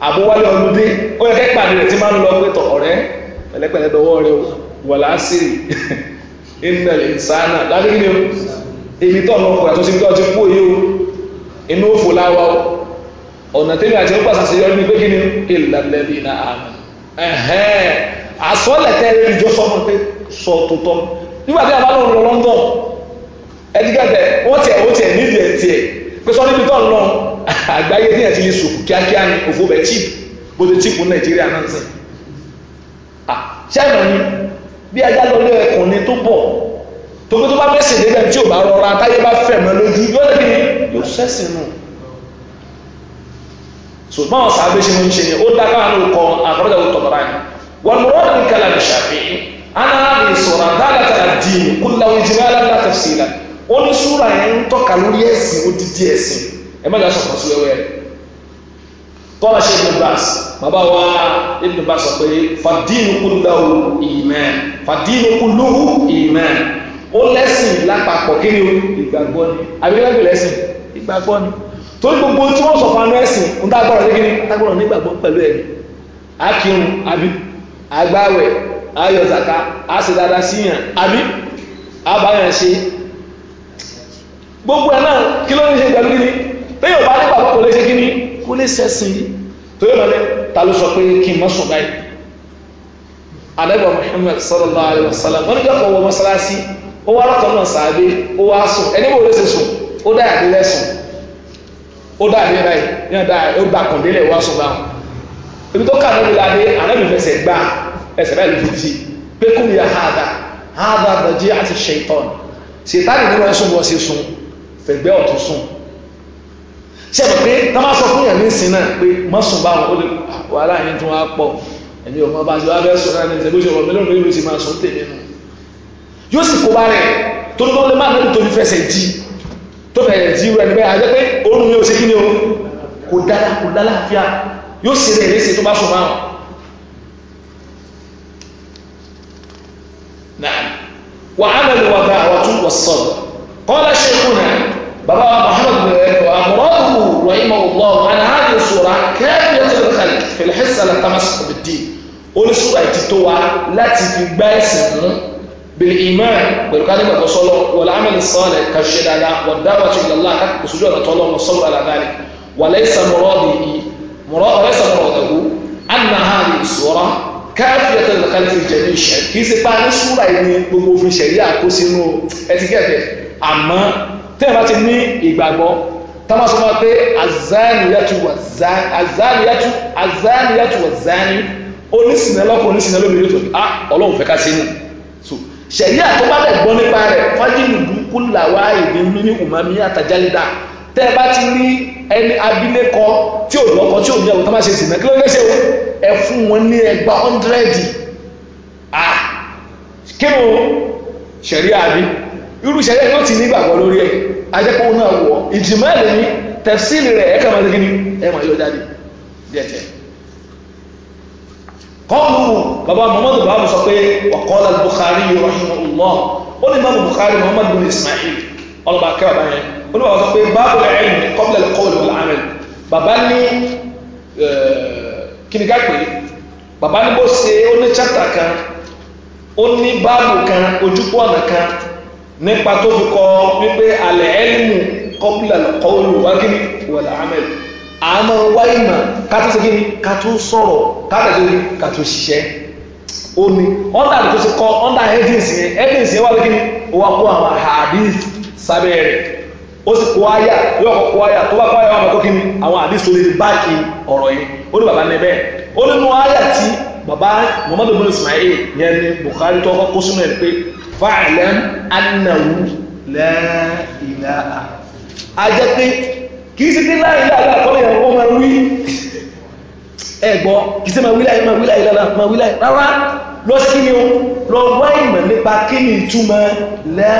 àbúwálé ọdún dé ó yẹ kẹ́ pàdé rẹ̀ tí máa ń lọ pé tọ̀ ọ̀rẹ́ pẹ̀lẹ́pẹ̀lẹ́ dọwọ́ rẹ̀ wà lásìrì iná ìsáná lábẹ́ kí ni o èyí tọ̀ lọ ọkùnrin àtúnṣe tó ti kú èyí o inú òfò láwa o ọ̀nà tẹ́lẹ̀ àti ọgbà sàṣeyọrí ni pé kí ni ìlànà ìlànà àmì àsọ́lẹ̀ tẹ́lẹ̀ ìjọ sọ́mọ pé sọ nígbà tí a bá lọ́n lọ London ẹ̀dígẹ́tẹ̀ wọ́n tiẹ̀ wọ́n tiẹ̀ nídìí ẹ̀ tiẹ̀ pé sọ níbi tó ń lọ àgbáyé ní ẹ̀tí lè sòkù kíákíá ní òfò bẹ̀ tíìpù bó ti tíìpù Nàìjíríà náà sìn ṣáìnà ni bí ajá lọ lé ẹkùn ni tó bọ̀ tó pé tó bá mẹ́sìn débẹ̀ tí ò bá rọra táyé bá fẹ̀ mọ́ lójú yóò lè kí ni yóò sẹ́sìn nù ṣùgbọ́n ọ̀sán abéṣe ló ń ṣe yẹn ó dá káwọn olùkọ́ àkọ́rọ́jà tó tọ̀ ana hàbì sọ̀rọ̀ àdáàlàtà àdìyẹ kúláwé jìnnà aláàlá tafsila ó ní súra yẹn ń tọ́ka lórí ẹ̀sìn odidi ẹ̀sìn ẹ má dàsọ̀ kan sí wẹ́wẹ́ tọ́lá ṣe ibn Bas bàbá wa ibn Bas sọ pé fàdínù kúláwó ìmẹ́ fàdínù kúlúhù ìmẹ́ ó lẹ́sìn lápapọ̀ kí ni ìgbàgbọ́ ni àbíkẹ́lẹ́gbẹ̀ lẹ́sìn ìgbàgbọ́ ni torí gbogbo tí wọ́n sọ fún anú ẹ̀sìn ń tá gbọ́dọ̀ ní kí ni tá gbọ́dọ̀ nígbàgbọ́ pẹ̀lú ẹ̀mí akírun àbí àgbáwẹ̀ ayọ̀ zaka a sì dada síyàn àbí àbáyàn ṣe gbogbo ẹ̀ náà kí ló ń ṣe pẹ̀lú kíní pé yóò bá nígbà kó lè ṣe kíní kó ba sẹ́sìn tó yóò lọ́lẹ́ ta ló sọ pé kí n má sùn báyìí anabi muhammed sallallahu alayhi wa sallam wọn jẹ́ kó wọ mọ́sálásí ó wá lọ́kàn náà sàábé ó wá sùn ẹni bó lè sùn ó dá àdéhùn ẹ̀sùn ó dá àdéhùn báyìí ó dá àkàndínlẹ̀ wá sùn báwọn ibi tó kà níbi ládé anabi fẹsẹ̀ gbà ẹsẹ̀ báyìí ló fi ti pé kú ya hada hada bàjẹ́ àti ṣètọ́n ṣètánì ní wọ́n sún bọ́ sí sun fẹ̀gbẹ́ ọ̀tún sùn ṣe mọ̀ pé tá máa sọ fún yàn ní ìsìn náà pé mọ́sùn bá wọn ó lè wàhálà yẹn tún wá pọ̀ ẹ̀mí ọmọ bá ti wá bẹ́ẹ̀ sọ náà ní ìṣẹ́ bó ṣe wọ̀ mélòó ló ti máa sọ tèmi nù yóò sì kó bá rẹ̀ tó ní kọ́ lè má lẹ́nu tó fi fẹsẹ̀ jí tó fẹsẹ̀ jí rẹ̀ níbẹ̀ àjẹ́ pé òórùn yóò ṣe kí ni o kò dára kò dára àfíà yóò sì rẹ̀ léṣe نعم وعمل الوفاء وطوب قال شيخنا بابا محمد بن مراده رحمه الله ان هذه الصورة كافية الخلق في الحصة للتمسك بالدين قول الصورة التي التي تباس بالإيمان بالكلمة والصلاه والعمل الصالح كالشلالة والدعوة إلى الله حتى بسجوع الأطول والصبر على ذلك وليس مراده مراد ليس مراده أن هذه الصورة káfíẹ̀ tó nìkan ti jẹ̀bi ìṣẹ̀ kì í ṣe pa ní súra ẹni gbogbo òfin ṣẹ̀rí àkó sínú ẹtikẹ́tẹ̀ àmọ́ tẹ́lẹ̀ bá ti ní ìgbàgbọ́ táwọn sọ pé azániyàtú wà azániyàtú azániyàtú wà zání onísìnà lọ́kùn yóò tó ah ọlọ́run fẹ́ ká sí nù so ṣẹ̀rí àkó bá bẹ̀ gbọ́ nípa rẹ̀ fájìlì dúkú làwa ìdí mímí ùmọ̀ mi àtàjálídà tẹ́ ẹ bá ti rí ẹni abilékọ tí ò lọ́kọ tí ò ní ẹ̀wọ̀n tó má ṣe sì náà kí ló lè ṣe o ẹ fún wọn ní ẹgbàá hundred ah kí ló ṣẹ̀rí àbí irú ṣẹ̀rí yóò ti ní ìgbàgbọ́ lórí ẹ̀ ajẹ́pọ̀ náà wọ̀ ìjìmọ̀ ẹ̀ lẹ́yìn tẹ̀síìlì rẹ̀ ẹ̀ka máa dégé ní ẹ̀ máa yọ jáde díẹ̀tẹ̀. kọ́ọ̀lù bàbá muhammadu buhari sọ pé wàkọ́lá bukhari rahimahullah ó ní mọ́mú bukhari muhammadu bin ismail ọlọ́ba akẹ́ bàbá yẹn olùwà sọ pé báàbù ẹ̀yìn kọ́bílẹ̀ lọ́kọ́ olùwà àmì bàbá ní kíni ká pè é bàbá ní bó ṣe ó ní chapter kan ó ní báàbù kan ojúbọ ọ̀nà kan nípa tó fi kọ wípé alẹ́ ẹ̀lìmù kọ́bílẹ̀ lọ́kọ́ olùwà kíni wọ̀lá àmì àmọ́ wáyé mà ká tó ṣe kíni ká tó sọ̀rọ̀ ká tó ṣe ká tó ṣiṣẹ́ ó ní under tó ṣe kọ under headings yẹn headings yẹn wà lókè ní ó sì kó àyà yóò kọ́ kó àyà tó bá kó àyà wọn mọ̀ kó kí ni àwọn àdìsọ lè báàkì ọ̀rọ̀ yẹn ó ní bàbá ní bẹ́ẹ̀ ó nínú àyà tí bàbá Muhammadu bin Ismail yẹn ni Bukhari tó kọ́ kó sínú ẹ̀ pé fa'lam annahu la ilaha ajẹ́ pé kì í sí pé láì láì láì kọ́lé ẹ̀rọ máa wí ẹ̀gbọ́ kì í sí máa wí láì máa wí láì láì máa wí láì rárá lọ sí ni o lọ wá ìmọ̀ nípa kí ni ìtumọ̀ la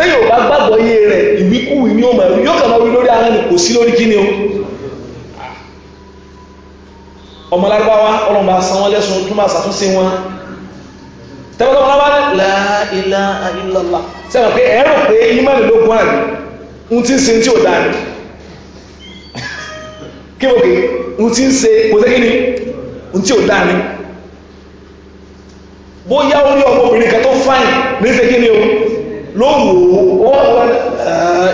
tẹ́yìn bá gbàgbọ́ iye rẹ̀ ìwíkúwì ní ọmọ ẹ̀rù yóò kàn máa wí lórí ara ní kò sí lórí kíni o ọmọ lárúbáwá ọlọ́mọ asan wọn lẹ́sùn tó máa ṣàtúnṣe wọn tẹ́lẹ̀ ọmọ lárúbáwá la ilaha illallah sẹ́wọ̀n pé ẹ̀rọ pé ìmọ̀lẹ̀ àgbẹ̀ ń ti ń ṣe tí ò dáa ni kíwòkè ń ti ń ṣe kò sẹ́kí ni ń tí ò dáa ni bóyá ó ọmọbìnrin kan tó fáìn ní sẹ́kí ni o lóòwò ó wà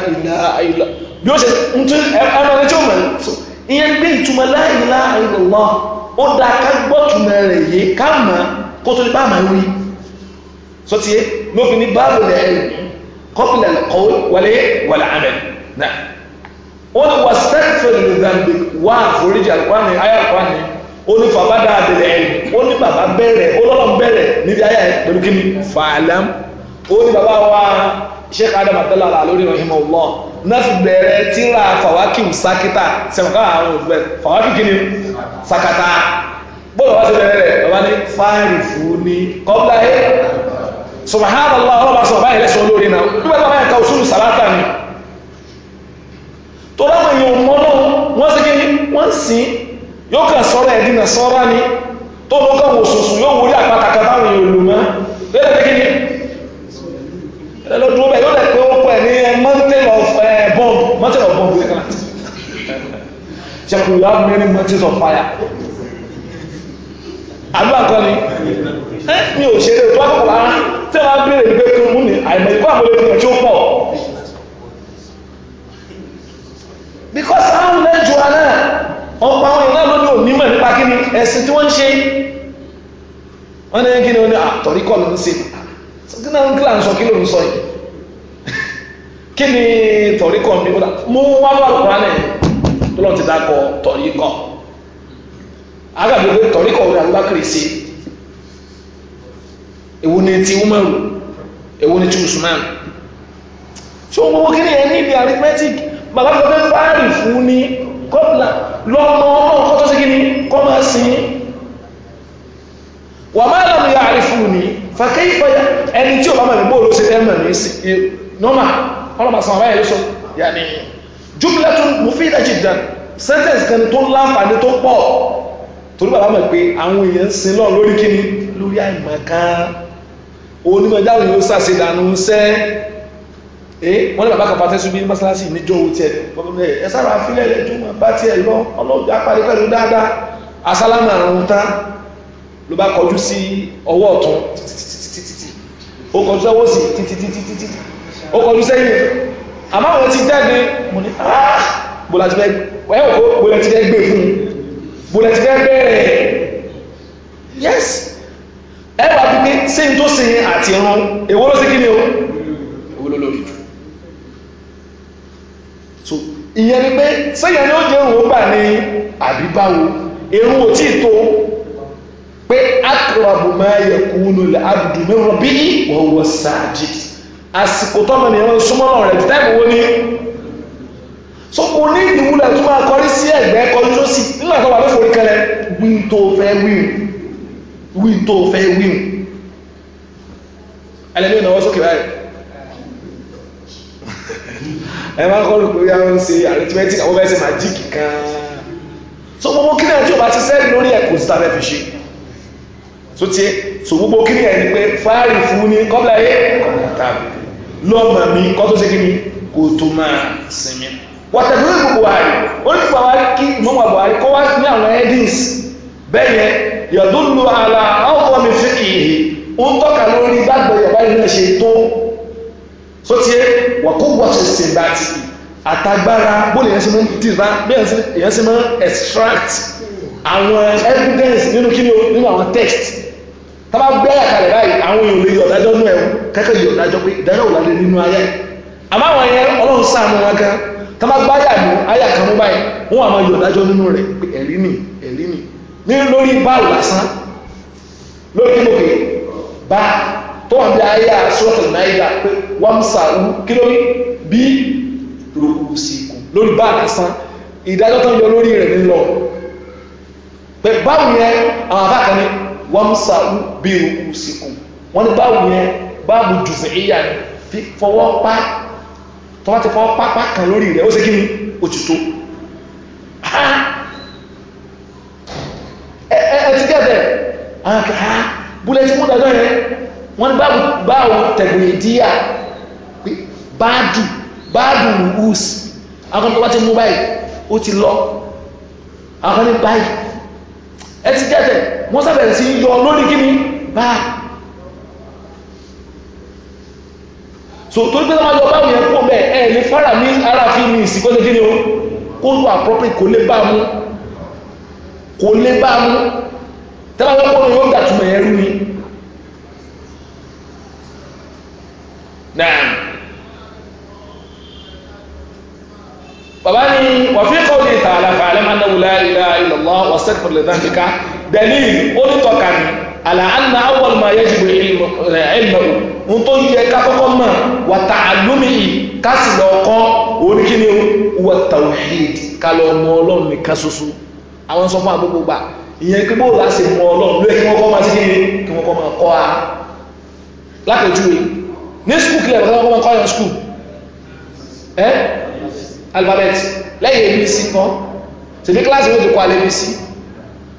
ìlà ìlà bí ó ṣe ń tún ẹ̀rọ ẹni tí ó mọ̀ ìyẹn gbé ìtumọ̀ láìlá ìlọ́lá ó dá ká gbọ́tùmọ̀ rẹ̀ yé ká mọ̀ kó tó ní bá máa wí sọ ti yé ló fi ní báàbò lẹ̀ ẹ̀rù kọ́pìlẹ̀ kọ́wé wọlé wọlé àmẹ́ náà ó ní wà sẹ́fẹ̀lì lùdàmbì wà àforíjì àlùkwáni ayé àlùkwáni ó ní fàbádà àbẹ̀lẹ̀ ẹ̀rù ó ní bàbá bẹ̀rẹ̀ ó lọ́lọ́ bẹ̀rẹ̀ níbi ayé pẹ̀lú kí ni fàlám ó ní bàbá wa sheikh adam abdallah lórí rahimahullah náà fi bẹ̀rẹ̀ tíra fàwákìw sákítà sẹ̀mùká àwọn òṣùbẹ̀ fàwákìw kí ni sàkàtà bóòlù wá sí bẹ̀rẹ̀ rẹ̀ bàbá ní fáàrì fún ní kọ́bílá ẹ̀ subhanallah ọlọ́ba sọ báyìí lẹ́sọ̀ lórí náà nígbà tó báyìí ka òṣùlù sàlátà ni tó dáwọn èèyàn mọ́nà wọ́n sì kí wọ́n sì mountain of bomb like that ṣe we have many mountains of fire àdúrà eh, kan ah, ni mi ò ṣe eré tó bá kọ̀ọ̀kan rárá tí wọ́n á béèrè pé kí n àìmọ̀ ìkọ́ àwọn olóògùn tí ó pọ̀ because àwọn lẹ́jọ náà ọ̀pọ̀ àwọn ìlànà lónìí ò nímọ̀ nípa kí ni ẹ̀sìn tí wọ́n ń ṣe wọ́n ní kí ni wọ́n ní àtọ̀ríkọ̀ ló ń ṣe kí náà ń kílà ń sọ kí ló ń sọ yìí kí ni tọ̀ríkọ̀ ní kódà mú wá wà lọ́kùnrin tó lọ́n ti dákọ̀ tọ̀ríkọ̀ agbàgbé tọ̀ríkọ̀ orí Abubakar sí èwo ni ti Umaru èwo ni ti Usman tí ó gbogbo kíni ẹni ibi arithmetic bàbá tó fẹ́ báàrì fún ní kọ́pìlà lọ́mọ ọmọ nǹkan tó sí kíni kọ́ máa sin wà máa lọ́mọ ya àrífù ní fàkẹ́yìfọ́yà ẹni tí ò bá mọ̀ ní bóòlù sí ẹ̀mọ̀ ní nọ́mà ọlọ́pàá sọ àbáyé lóṣọ yàní jùmílẹ̀ tún mú fi ìdájì dàn sẹ́tẹ̀sì kan tó láǹfààní tó pọ̀ torí bàbá mọ̀ pé àwọn èèyàn ń sin lọ lórí kíni lórí àìmọ̀kan onímọ̀já òyìn sàṣe dànù sẹ́ eh wọ́n ní bàbá kan fàtẹ́ sún bí mọ́sálásì níjọ́ owó tiẹ̀ ẹ sára afílẹ̀ rẹ̀ jùmọ̀ bá tiẹ̀ lọ ó kọjú sẹ́yìn àmọ́ àwọn ti jáde mo ní ah, bọ́lá ti fẹ́ ẹ̀ ò bọ́lá ti fẹ́ gbé fún bọ́lá ti fẹ́ bẹ̀rẹ̀ yes ẹ wà pípé sẹ́yìn tó sìn àti irun èwo ló sí kí ni o èwo lórí jù so ìyẹn ni pé sẹ́yìn ni ó jẹ́ òun gbà ní àbíbáwo irun ò tí tó pé akọrọ̀bù máa yẹ kúnnù bí wọ́n wọ sáàjì àsìkò tọ́mọ nìyẹn wọn súnmọ́ náà rẹ̀ tẹ́ẹ̀mù wo ni so kò ní ìdìmúlẹ̀ tó máa kọrí sí ẹ̀gbẹ́ kọjú tó sì nígbà tó wà ló forí kẹlẹ̀ win tó fẹ́ win. wí tó fẹ́ wíwù ẹlẹ́mí ìnáwó sókè báyìí ẹ máa kọ́ lù pé bí a ń ṣe arithmetic àwọn bẹ́ẹ̀ ṣe kan so gbogbo kí náà tí o bá ti sẹ́ẹ̀dì lórí ẹ̀ sí tàbí fi ṣe so tiẹ̀ so gbogbo kí ni ẹ̀ ni pé fáàrì fún ní kọ́bílà yé kọ́bílà tàbí lọ́mọ mi kọ́ tó ṣe kí ni kò tó máa sinmi wàtẹ̀fẹ́ ìbò buhari ó ní buhari kí ìmọ̀wà buhari kọ́ wá ní àwọn edins bẹ́ẹ̀ yẹn yọ̀dúnlù ara ọ̀pọ̀ mi fi kìí ń tọ́ka lórí gbàgbọ́ yọ̀bá yìí náà ṣe tó sótíé wàkó wọ́ọ̀ṣẹ̀ sèǹbàtì àtagbára bóòlù yẹn ṣe máa ń tìrìbá bẹ́ẹ̀ yẹn ṣe máa extract àwọn evidence nínú kí ni o nínú àwọn text tọ́ba gbé àkàlẹ̀ báyìí àwọn èèyàn lè yọ ọ̀dájọ́ nú ẹ̀wọ̀n kẹ́kẹ́ yọ ọ̀dájọ́ pé ìdájọ́ ò lálẹ́ nínú ayé àmọ́ àwọn ẹ̀yẹ ọlọ́run sáànù wọn gan tọ́ba gbá yà mú ayà kan mú báyìí wọ́n wà máa yọ ọ̀dájọ́ nínú rẹ̀ pé ẹ̀rí nì ẹ̀rí nì ní lórí báàlù lásán lórí kílòkè bá tó wà bí ayé àṣọ́tò náírà pé wọ́n sàrú kílórí bí rògbò sí lórí báàlù wamsa bi ruusikum wọ́n ní báwo yẹn báàbù jùzẹ̀ ìyá ni fi fọwọ́ pa tọ́wọ́ ti fọwọ́ pápá kan lórí rẹ̀ ó ṣe kí ni òtítọ́ ẹ ti gẹ́gẹ́ búlẹ̀ tí wọ́n dájọ́ yẹn wọ́n ní báwo tẹ̀gbìn díyà pé báàdù báàdù rúùsì àwọn tó wá ti mú báyìí ó ti lọ àwọn báyìí ẹ ti gẹ́gẹ́ wọ́n sábẹ̀ sí yọ lórí kíní bá so tó gbé máa yọ báwọn yẹn kó bẹ́ẹ̀ ẹ̀ ní fara ní ara fi ní ìsìnkó lè kíní o kó lù àpọ́pẹ́ kò lè bá mú kò lè bá mú tẹ́lá wọn kó yóò dàtúmọ̀ ẹrú ni náà bàbá ni wàfíkọ́ ní ìtàlàfà alẹ́ máa náwó láìláà ìlọ́lọ́ wàsẹ́kùnrin dalil onítọ̀ka ni àlàáńnà awwal ma yajibu ilmuhu ń tó yẹ ká kọ́kọ́ mọ̀ wà ta'allumihi ká sì lọ kọ́ oníkíni wà tawhid ká lọ mọ ọlọ́run nìkan ṣoṣo àwọn sọ fún àgbègbè gbà ìyẹn kí bóòlù á sì mọ ọlọ́run lóye kí wọ́n kọ́ máa sí kíni kí wọ́n kọ́ máa kọ́ a lápèjúwe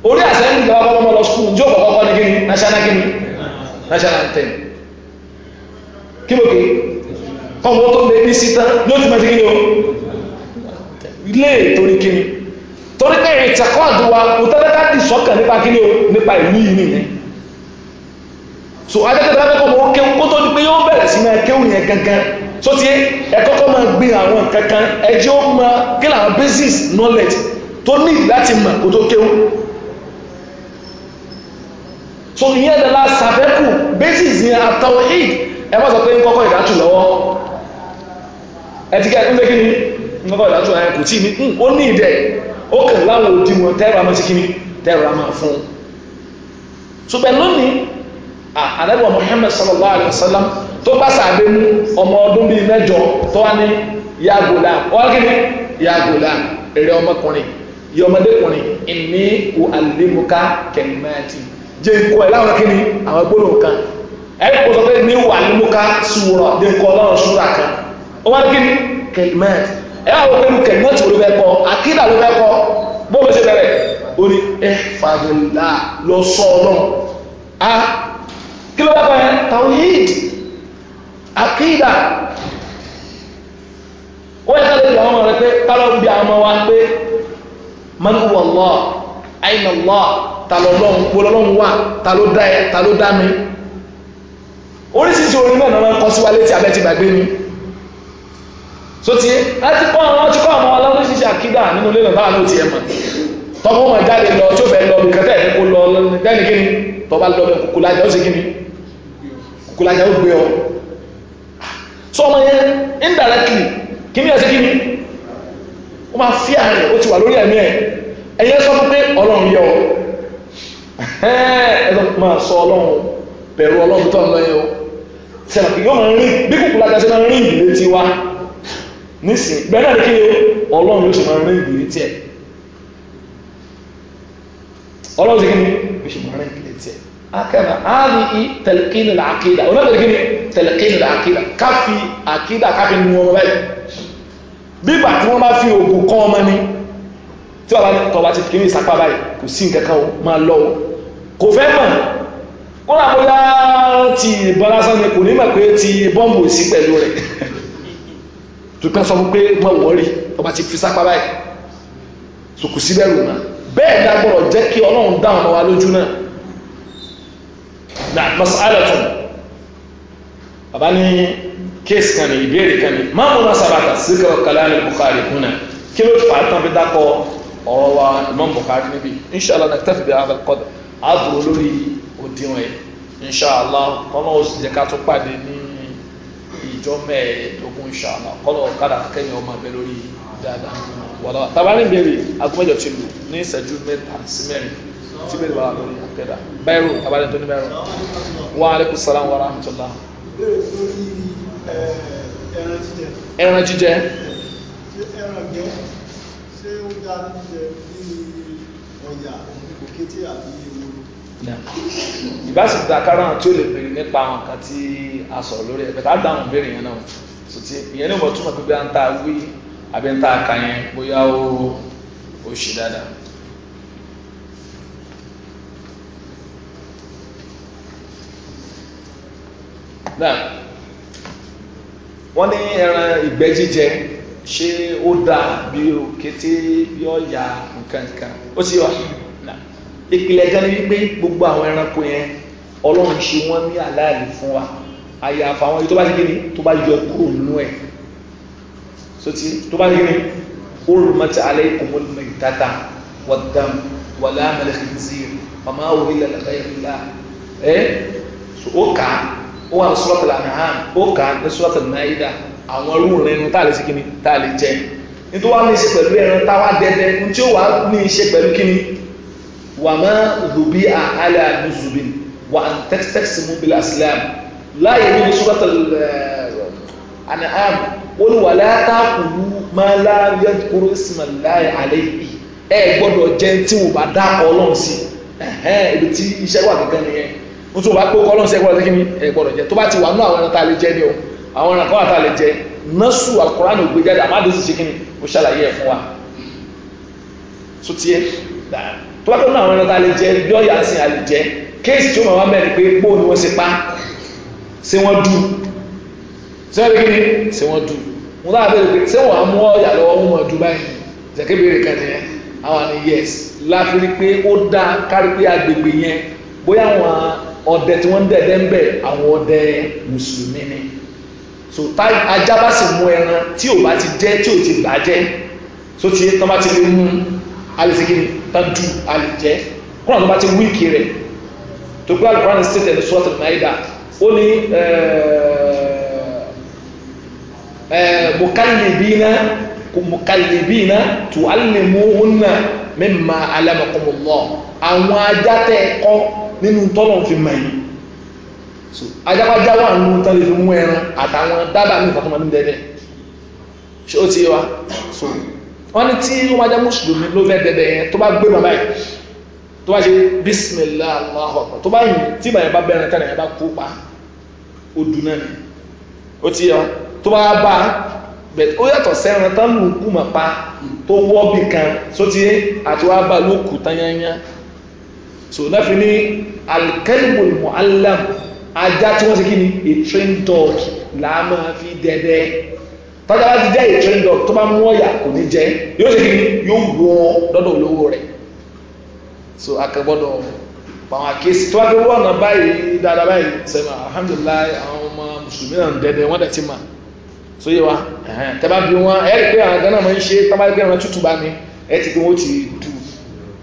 orí àṣẹ ń gbà ọmọ lọ skúlù tí ó kọ̀kọ́ kọ́ ní gíní national gíní national anthem kí ló ké ọmọ tó lè ní síta ní ó ti mọ̀ sí gíní o ilé torí gíní torí pé ìtàkọ́ àdúrà òtẹ́lẹ́ká dì sọ́kàn nípa gíní o nípa ìlú yìí nìyẹn so adẹ́gbẹ̀dẹ́ abẹ́kọ̀ mọ̀ ó kéwù kó tó di pé yóò bẹ̀rẹ̀ sí máa kéwù yẹn gangan so ti ẹ kọ́kọ́ máa gbé àwọn kankan ẹ máa kí làwọn basis knowledge tó ní láti mọ̀ kó tó kéwù so ìyẹn lọ́la sàfẹ́kù basis ní àtàwọn eid ẹ má sọ pé ń kọ́kọ́ ìdájú lọ́wọ́ ẹtìkẹ́ ń lékí ni ń kọ́kọ́ ìdájú ẹ kò tí ní hmm, ó ní ìdẹ ó kàn láwọn òdiwọ̀n tẹ́rọ amọ́ sí kí ni tẹ́rọ amọ́ fún un so pẹ̀lú ní àdẹ́bọ̀ Muhammad sallallahu alayhi wa sallam tó bá sàbẹ̀ mú ọmọ ọdún bíi mẹ́jọ tó wá ní yàgòlá ọ́kìnrin yàgòlá èrè ọmọkùnrin yọmọdékùnrin ìní ò àlèmọ́ká kẹ̀mẹ́tì jẹ́ nkọ́ ẹ̀ láwọn kíni àwọn gbólóhùn kan ẹ̀rí kò sọ pé ní wà ní múká sùúrọ̀ jẹ́ nkọ́ ọlọ́run sùúrà kan ó wá ní kíni kẹlímẹ́t ẹ̀ wá wọ́n pẹ̀lú kẹlímẹ́t wo ló fẹ́ kọ́ àkídà ló fẹ́ kọ́ bó ló ṣe bẹ̀rẹ̀ ó ní ẹ fàdùnlá lọ sọ ọlọ́run a kí ló dábàá yẹn tawhid àkídà ó yẹ ká àwọn ọmọ pé ká bí àwọn ọmọ wa pé man huwa Allah ta lọ́lọ́run wà ta ló orin náà náà kọ sí wa létí abẹ́ ti gbàgbé mi so ti láti kọ́ àwọn ọtí kọ́ àwọn aláwọ̀ṣiṣi àkídà nínú ilé nàbàrà náà ti ẹ̀ mọ̀ tọ́mọ wọn jáde lọ tí ó fẹ́ lọ nǹkan tẹ̀ ní kó lọ lẹ́nu kí ni tọ́ba lọ bẹ kùkùlájà ó sì kí ni kùkùlájà ó gbé ọ so ọmọ yẹn indirectly kí ni ẹ̀ sí kí ni ó máa fíà rẹ̀ ó ti wà lórí ẹ̀mí ẹ̀ ẹ̀yẹ sọ fún pé ọlọ́run yẹ ẹ̀ẹ́dọ̀ máa sọ ọlọ́run bẹ̀rù ọlọ́run tó ń lọ yẹn o sẹ́wọ̀n yóò máa rìn bí kòkòrò ajá sí máa rìn ìdílé tí wá nísìn bẹ́ẹ̀ náà ni kí ọlọ́run yóò sì máa rìn ìdílé tí ẹ̀ ọlọ́run sì kí ni bí sì máa rìn ìdílé tí ẹ̀ akẹ́mà áàrí i tẹ̀lẹ̀kínú làákìdà onáàbẹ̀rẹ̀ kí ni tẹ̀lẹ̀kínú làákìdà káfí àkìdà káfí nu ọmọ báyìí bígbà tí wọ́n bá fi òògùn kọ́ ọmọ ni tí wọ́n bá ti kiri ìsapá báyìí kò sí nǹkan kan máa lọ́wọ́ kò fẹ́ mọ̀ kódà bóyá ti ìbọn lásán ni kò ní mọ̀ pé ti bọ́ǹbù sí pẹ̀lú rẹ̀ tupẹ́ sọ fún pé mọ̀ wọ́rí ọba ti fi sápá báyìí sòkò síbẹ̀ rò náà bẹ́ẹ̀ ni a gbọ́dọ̀ jẹ́ kí ọlọ́run dá ọmọ wa lójú náà na masala tún bàbá ní kéèsì kan ní ìbéèrè kan ní máa mú náà sábàtà síkà kaláàlì Bukhari kún náà kí ló fà á tán fi dákọ ọ̀rọ̀ wa Imam á dúró lórí òdiwọ̀n ẹ̀ inṣàlá kọ́nà ó sì jẹ́ ká tó pàdé ní ìjọ mẹ́ẹ̀ẹ́dógún inṣàlá kọ́nà ọ̀kadà kẹ́yìn ọmọ abẹ lórí dáadáa wàlá tabali bèrè agbẹ́jọ ti lù ní ìṣẹ́jú mẹ́ta sí mẹ́rin tí bèrè wà lórí ọ̀kẹ́dà bẹ́ẹ̀rù tabali tó ní bẹ́ẹ̀rù wa aleykum salaam wa rahmatulah. ẹran jíjẹ. ẹran jẹ ṣé ó dá jíjẹ bí ọ̀yà òkè tí àbí ewu ìbáṣe ìgbà kárán tí ó lè béèrè nípa àwọn nǹkan tí a sọ̀rọ̀ lórí ẹ̀ bẹ̀tà dáhùn béèrè yẹn náà so ti ìyẹn ní ìmọ̀ túmọ̀ pé bí a ń ta wí àbí ń ta ka yẹn bóyá ó ó ṣe dáadáa. náà wọ́n ní ẹran ìgbẹ́ jíjẹ ṣé ó dáa bí òkété bí ọ̀yà nǹkan nǹkan ó sì wà ìpìlẹ̀ gan ni wípé gbogbo àwọn ẹranko yẹn ọlọ́run ṣe wọ́n ní àláàlì fún wa àyàfà àwọn èyí tó bá ti gbìn tó bá yọ kúrò nínú ẹ̀ sotí tó bá ti gbìn olùmọ̀tí alẹ́ ìkòmọ́ lùmọ̀ ìtàtà wàdàm wàlá àmàlẹ́kìtì màmá òwe lẹ́lẹ́kẹ́ ìrìlá ẹ́ ó kà á ó wà ní suratul An'am ó kà á ní suratul Maida àwọn ọlọ́run rẹ̀ nu tá a kíni tá jẹ nítorí wàá ní í ṣe pẹ̀lú ẹran táwa dẹ́dẹ́ ní tí ó wàá ní í ṣe pẹ̀lú kíni wàmà òdòbí àhálà nùsùbí wà á tẹ́kítẹ́kítì mú bílẹ̀ asilam láàyè nínú sọ́kàtà ànàám wọn wà látàkùnú máa láàyè kúrò ìsìmàláyà àlẹ́ yìí ẹ gbọ́dọ̀ jẹ́ tí wò bá dá ọlọ́run sí ibi tí iṣẹ́ wà gẹ́gẹ́ nìyẹn n tó bá pé ọlọ́run sí ẹ gbọ́dọ̀ jẹ́ kí ni ẹ gbọ́dọ̀ jẹ́ tó bá ti wà nú àwọn ẹran tá ni o àwọn ẹran kan wà tá a lè jẹ nọ́ọ̀sù alukurani àmàdé sì ṣe kí ni mo ṣàlàyé ẹ̀ fún wa. sotie dáa tó bá tó náà àwọn ẹran ta lè jẹ lọ́ọ̀yà sí a lè jẹ kéèsì tí ó máa wá mẹ́rin pé pò ni wọ́n ṣe pa ṣé wọ́n dù ṣé wọ́n kí ni ṣé wọ́n dù mo dáa bẹ̀rẹ̀ pé ṣé wọ́n á mú ọ̀yà lọ́wọ́ mú wọn dù báyìí ṣèkébèrè kan nìyẹn àwọn ni yes láfi rí pé ó dáa kárí pé agbègbè yẹn bóyá àwọn ọdẹ tí wọ́n ń dẹ̀dẹ̀ ń bẹ̀ àwọn ọdẹ mùsùlùmí ni so tá ajá bá sì mú ẹran tí ò bá ti jẹ́ tí ò ti bàjẹ́ so ti tán bá ti lè mú alẹ́ sí kí ni tadu alijẹ kúrò àwọn bá ti wíìkì rẹ̀ tó gbé alukurani state ẹni sọ́ọ̀tì náírà ó ní mukalibina mukalibina tu alimuhunna mimma alamakumullah àwọn ajá tẹ kọ́ nínú tọ́lọ̀ fi mọ̀ yìí so ajábájá wà nínú tọ́lọ̀ fi mú ẹran àtàwọn dábàá ní ìfọ̀tọ́mọ́ ní dẹ́dẹ́ ṣé ó ti yé wa wọ́n ní tí wọ́n bá jẹ́ mùsùlùmí ló lẹ́dẹ̀dẹ̀ yẹn tó bá gbé bàbá yìí tó bá ṣe bísímìlá aláhọ̀ tó bá yìn tí bàyẹ̀ bá bẹ̀rẹ̀ tẹ́lẹ̀ yẹn bá kó pa odù náà ni ó ti yọ tó bá bá ó yàtọ̀ sẹ́ran tán lù kú mà pa tó wọ́ bì kan sóti àti wá bá ló kù tányányá so láfi ní alkalibul mu'allam ajá tí wọ́n ti kí ni a trained dog làá máa fi dẹ́dẹ́ tọ́jà dị jẹ́ ìtrain tó bá mú ọ̀yà kò ní jẹ́ yóò ṣe kí yóò wọ lọ́dọ̀ olówó rẹ̀ so akẹ́gbọ́dọ̀ àwọn àkíyèsí tó bá gbé wọ́n náà báyìí dáadáa báyìí sẹ́nu alhamdulilayi àwọn ọmọ mùsùlùmí náà ń dẹ́dẹ́ wọ́n so wa tẹ́bá bí pé àwọn gánà máa ń ṣe tọ́ba gbé wọn tútù bá mi ẹ̀ ti pé wọ́n ti dù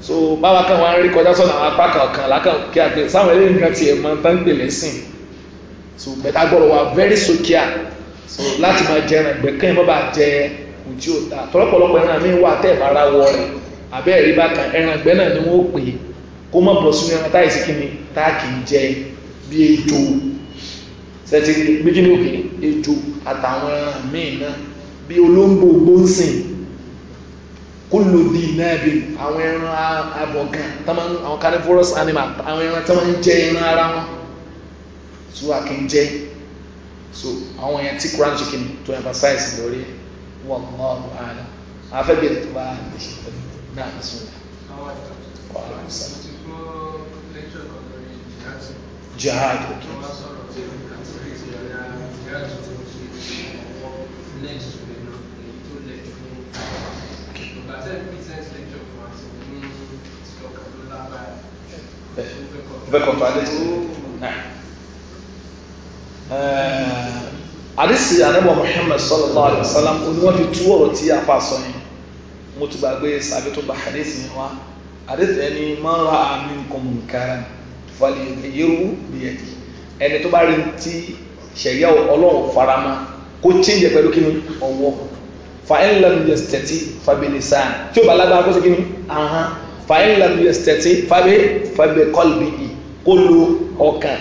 so báwa kan wọn rí kọjá àwọn apá kan lákàn kí a sáwọn kan tiẹ̀ tán gbè lẹ́sìn so bẹ̀tà gbọ́dọ̀ wà very láti máa jẹ ẹran ìgbẹ́ kẹ́yìn mọ́ bá jẹ ohun tí ó ta tọ́lọ́pọ̀lọpọ̀ ẹran mi wà tẹ́ ìbára wọ rẹ̀ àbẹ́ ẹ̀rí bá kan ẹran ìgbẹ́ náà ni wọ́n pè é kó má bọ̀ sínú ẹran táyì sí kíni tá a kì í jẹ bí ejò sẹ́tì méjì ní òkè ejò àtàwọn ẹran míì náà bí olóńgbò gbóǹsìn kúlò di nẹ́ẹ̀bì àwọn ẹran abọ̀gàn àwọn carnivorous animal àwọn ẹran tí wọ́n ń jẹ ẹran ara wọn tí wọ́n kì í jẹ so àwọn yẹn tí kúrán ṣe kìíní to emphasize lórí wọn mọ ọrùn àná afẹ́ bí ètò bá lè ṣe náà ní sùn yà. jihad ok. Bẹ́ẹ̀ bẹ́ẹ̀ kọ̀ọ̀tà lẹ́tọ̀ọ́ náà àdìsí eh, ànábọ̀ Muhammad sallallahu alayhi wa sallam ni wọ́n fi tú ọ̀rọ̀ tí a fa sọ yẹn mo ti gbàgbé sàbí tó gba àdìsí yẹn wá àdìsí yẹn ni máa ń ra àmì nǹkan mùkárà falẹ̀ yẹ̀rù bìyẹ̀dì ẹni tó bá rí ti ṣẹ̀yà ọlọ́run farama kó tíyẹ̀ pẹ̀lú kí ni ọwọ́ fa in lam yastati fabilisan tí ó bá lágbára kó sí kí ni ahọ́n fa in lam yastati fabi fabi qalbi kó lo ọkàn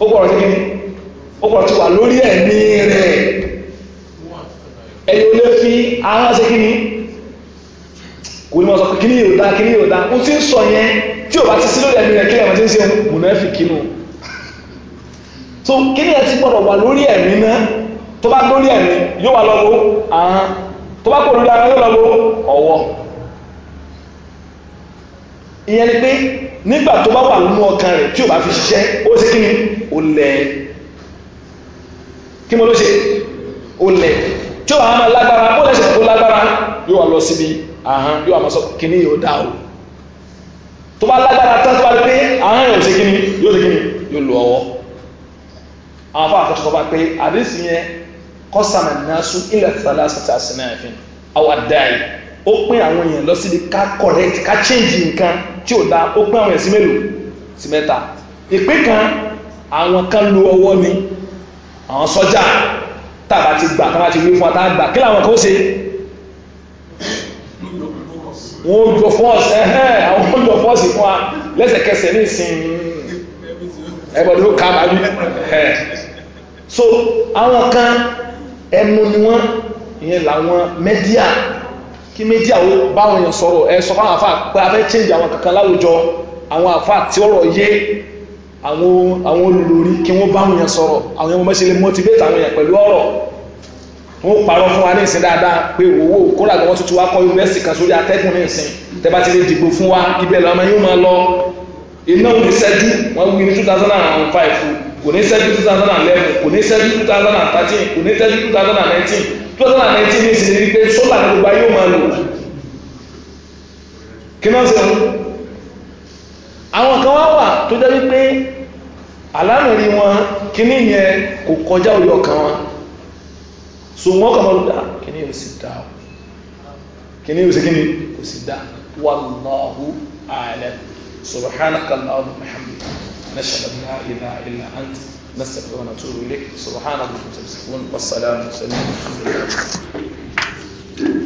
ó gbọ́dọ̀ sí kíni ó gbọ́dọ̀ ti wà lórí ẹ̀mí rẹ̀ ẹ̀yìn olè fi ara sí kíni kò ní wọ́n sọ pé kíní yóò dá kíní yóò dá ó ti ń sọ yẹn tí ò bá ti sí lórí ẹ̀mí rẹ̀ kí ẹ̀mí ti ń so kíní ẹ̀ ti gbọ́dọ̀ wà lórí ẹ̀mí náà tó bá lórí ẹ̀mí yóò wà lọ́wọ́ àhán tó bá kò lórí ara yóò nígbà tó bá wà nínú ọkàn rẹ̀ tí ò bá fi ṣiṣẹ́ ó ṣe kí ni ó lẹ̀ kí mo ló ṣe ó lẹ̀ tí ó wà máa lágbára ó lẹ́sẹ̀ tó lágbára yóò wà lọ síbi àhán yóò wà máa sọ kí ni yóò dá o tó bá lágbára tán tó bá rí pé àhán yóò ṣe kí ni yóò ṣe kí ni yóò lu ọwọ́ àwọn afọ àkọsọ bá pé àdéhùn yẹn kọ́sàmì náà sún ilẹ̀ tàlásì tàsí náà fi àwọn àdáyé ó pín àwọn èèyàn lọ síbi ká correct ká change nǹkan tí ò dáa ó pín àwọn èèyàn sí mélòó sí mẹ́ta ìpín kan àwọn kan lu ọwọ́ ni àwọn sọ́jà tàbá ti gbà tàbá ti wí fún àtà gbà kí làwọn kan ó ṣe wọn ò jọ fọ́ọ̀sì ẹ̀hẹ́ àwọn ò jọ fọ́ọ̀sì fún wa lẹ́sẹ̀kẹsẹ̀ ní ìsìn ẹ̀bọ̀dún ló ká bàbí ẹ̀ so àwọn kan ẹnu ni wọ́n ìyẹn làwọn mẹ́díà kí méjì àwọn báwọn èèyàn sọ̀rọ̀ ẹ sọ fáwọn àfáà pé a fẹ́ change àwọn kankan láwùjọ àwọn àfáà tí ọ̀rọ̀ yé àwọn olùlórí kí wọ́n báwọn èèyàn sọ̀rọ̀ àwọn èèyàn mọ́sílẹ̀ motivate àwọn èèyàn pẹ̀lú ọ̀rọ̀ wọ́n parọ́ fún wa ní ìsìn dáadáa pé owó kódà gan wọ́n tuntun wá kọ́ yunifásitì kan sórí atẹ́gùn ní ìsìn tẹ́bá ti lè dìbò fún wa ibẹ̀ làwọn yóò máa lọ iná òdìṣẹ́jú wọ́n wí ní kò ní sẹ́jú two thousand and eleven kò ní sẹ́jú two thousand and thirteen kò ní sẹ́jú two thousand and nineteen two thousand and nineteen ní ìsinmi wípé sólà ní gbogbo ayé ó máa lò kí náà sẹ́wọ́n àwọn kan wá wà tó jẹ́ wípé àlámẹ̀rí wọn kíní yẹn kò kọjá òye ọkàn wọn so wọ́n kàn máa lò dá kíní yóò sì dá kíní yóò sì kíní kò sì dá wàlláhu a'lam subhanaka allahumma hamdika. نشهد ان لا اله الا انت نستغفر ونتوب اليك سبحان ربك والسلام والسلام والحمد